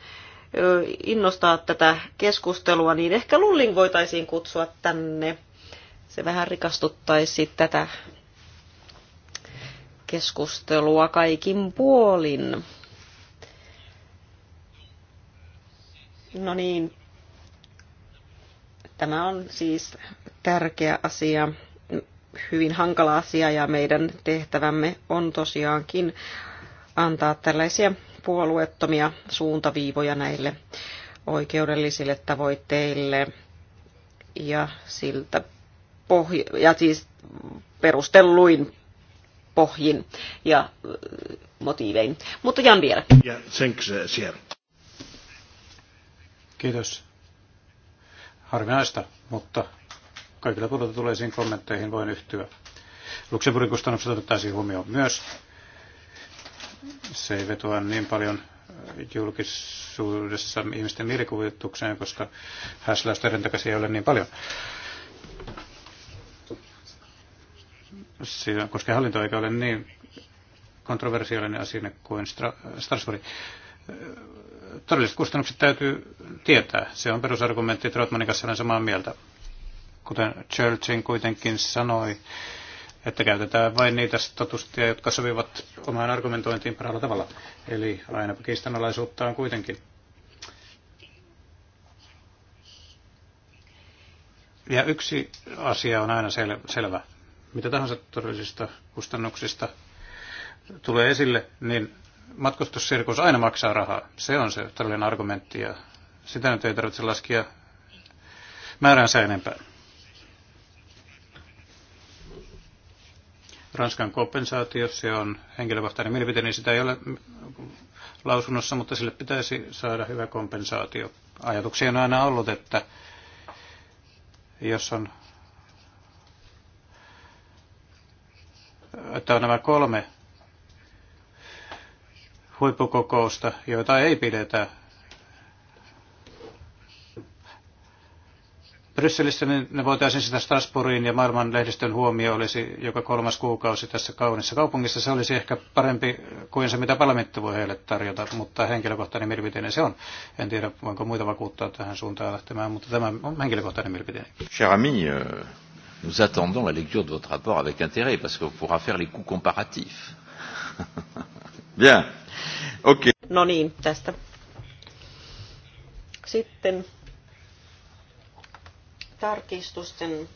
innostaa tätä keskustelua, niin ehkä Lullin voitaisiin kutsua tänne. Se vähän rikastuttaisi tätä keskustelua kaikin puolin. No niin, tämä on siis tärkeä asia hyvin hankala asia ja meidän tehtävämme on tosiaankin antaa tällaisia puolueettomia suuntaviivoja näille oikeudellisille tavoitteille ja siltä pohja- ja siis perustelluin pohjin ja äh, motiivein. Mutta Jan vielä. Ja Kiitos. Harvinaista, mutta Kaikilla puolilta tuleisiin kommentteihin voin yhtyä. Luxemburgin kustannukset otettaisiin huomioon myös. Se ei vetoa niin paljon julkisuudessa ihmisten mielikuvitukseen, koska häsläystä rentakasia ei ole niin paljon. Siinä, koska hallinto ei ole niin kontroversiaalinen asia kuin Strasbourg. Todelliset kustannukset täytyy tietää. Se on perusargumentti. Trotmanin kanssa olen samaa mieltä. Kuten Churchin kuitenkin sanoi, että käytetään vain niitä statustia, jotka sovivat omaan argumentointiin parhaalla tavalla. Eli aina kiistanalaisuutta on kuitenkin. Ja yksi asia on aina sel- selvä. Mitä tahansa todellisista kustannuksista tulee esille, niin matkustussirkus aina maksaa rahaa. Se on se todellinen argumentti ja sitä nyt ei tarvitse laskea määränsä enempää. Ranskan kompensaatio, se on henkilökohtainen mielipiteeni, niin sitä ei ole lausunnossa, mutta sille pitäisi saada hyvä kompensaatio. Ajatuksia on aina ollut, että jos on että on nämä kolme huippukokousta, joita ei pidetä Brysselissä, niin ne voitaisiin sitä Strasbourgiin ja maailman lehdistön huomio olisi joka kolmas kuukausi tässä kaunissa kaupungissa. Se olisi ehkä parempi kuin se, mitä parlamentti voi heille tarjota, mutta henkilökohtainen mielipiteeni se on. En tiedä, voinko muita vakuuttaa tähän suuntaan lähtemään, mutta tämä on henkilökohtainen mielipiteeni. Cher ami, euh, nous attendons la lecture de votre rapport avec intérêt, parce qu'on pourra faire les coûts comparatifs. *laughs* Bien. Okay. No niin, tästä. Sitten Tarkistusten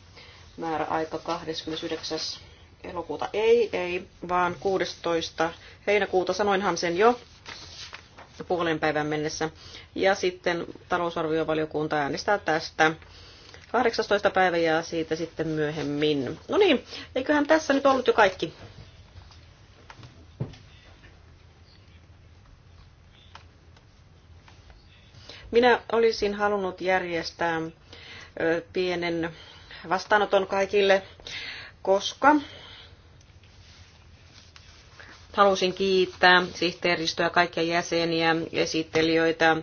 määrä aika 29. elokuuta ei, ei, vaan 16. heinäkuuta, sanoinhan sen jo puolen päivän mennessä. Ja sitten talousarviovaliokunta äänestää tästä 18. päivä ja siitä sitten myöhemmin. No niin, eiköhän tässä nyt ollut jo kaikki. Minä olisin halunnut järjestää pienen vastaanoton kaikille, koska halusin kiittää sihteeristöä, kaikkia jäseniä, esittelijöitä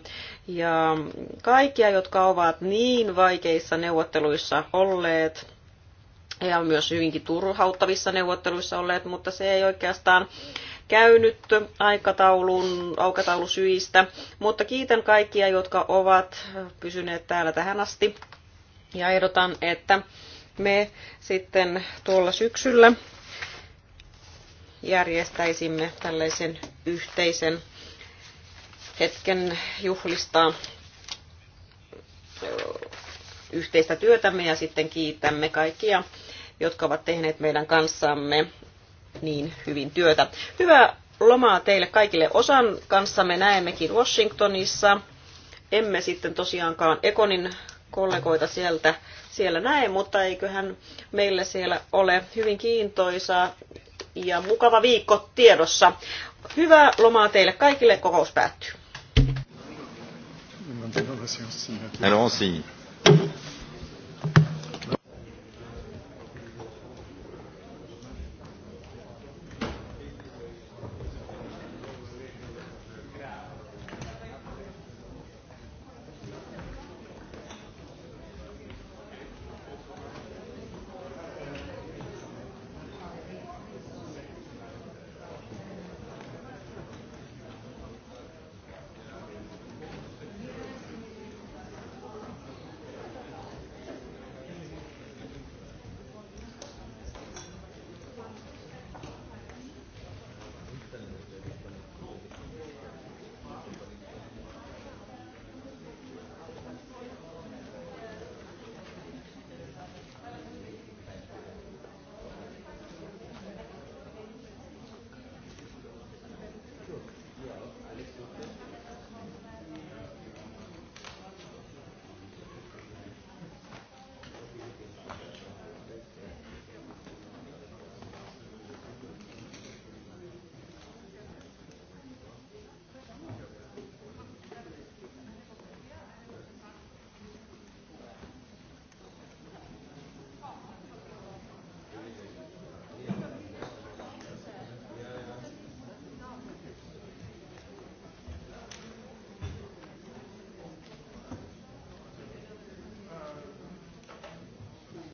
ja kaikkia, jotka ovat niin vaikeissa neuvotteluissa olleet ja myös hyvinkin turhauttavissa neuvotteluissa olleet, mutta se ei oikeastaan käynyt aikataulun, aikataulusyistä. Mutta kiitän kaikkia, jotka ovat pysyneet täällä tähän asti ja ehdotan, että me sitten tuolla syksyllä järjestäisimme tällaisen yhteisen hetken juhlistaa yhteistä työtämme ja sitten kiitämme kaikkia, jotka ovat tehneet meidän kanssamme niin hyvin työtä. Hyvää lomaa teille kaikille osan kanssa. Me näemmekin Washingtonissa. Emme sitten tosiaankaan Ekonin kollegoita sieltä, siellä näe, mutta eiköhän meille siellä ole hyvin kiintoisaa ja mukava viikko tiedossa. Hyvää lomaa teille kaikille, kokous päättyy. Alors on signe.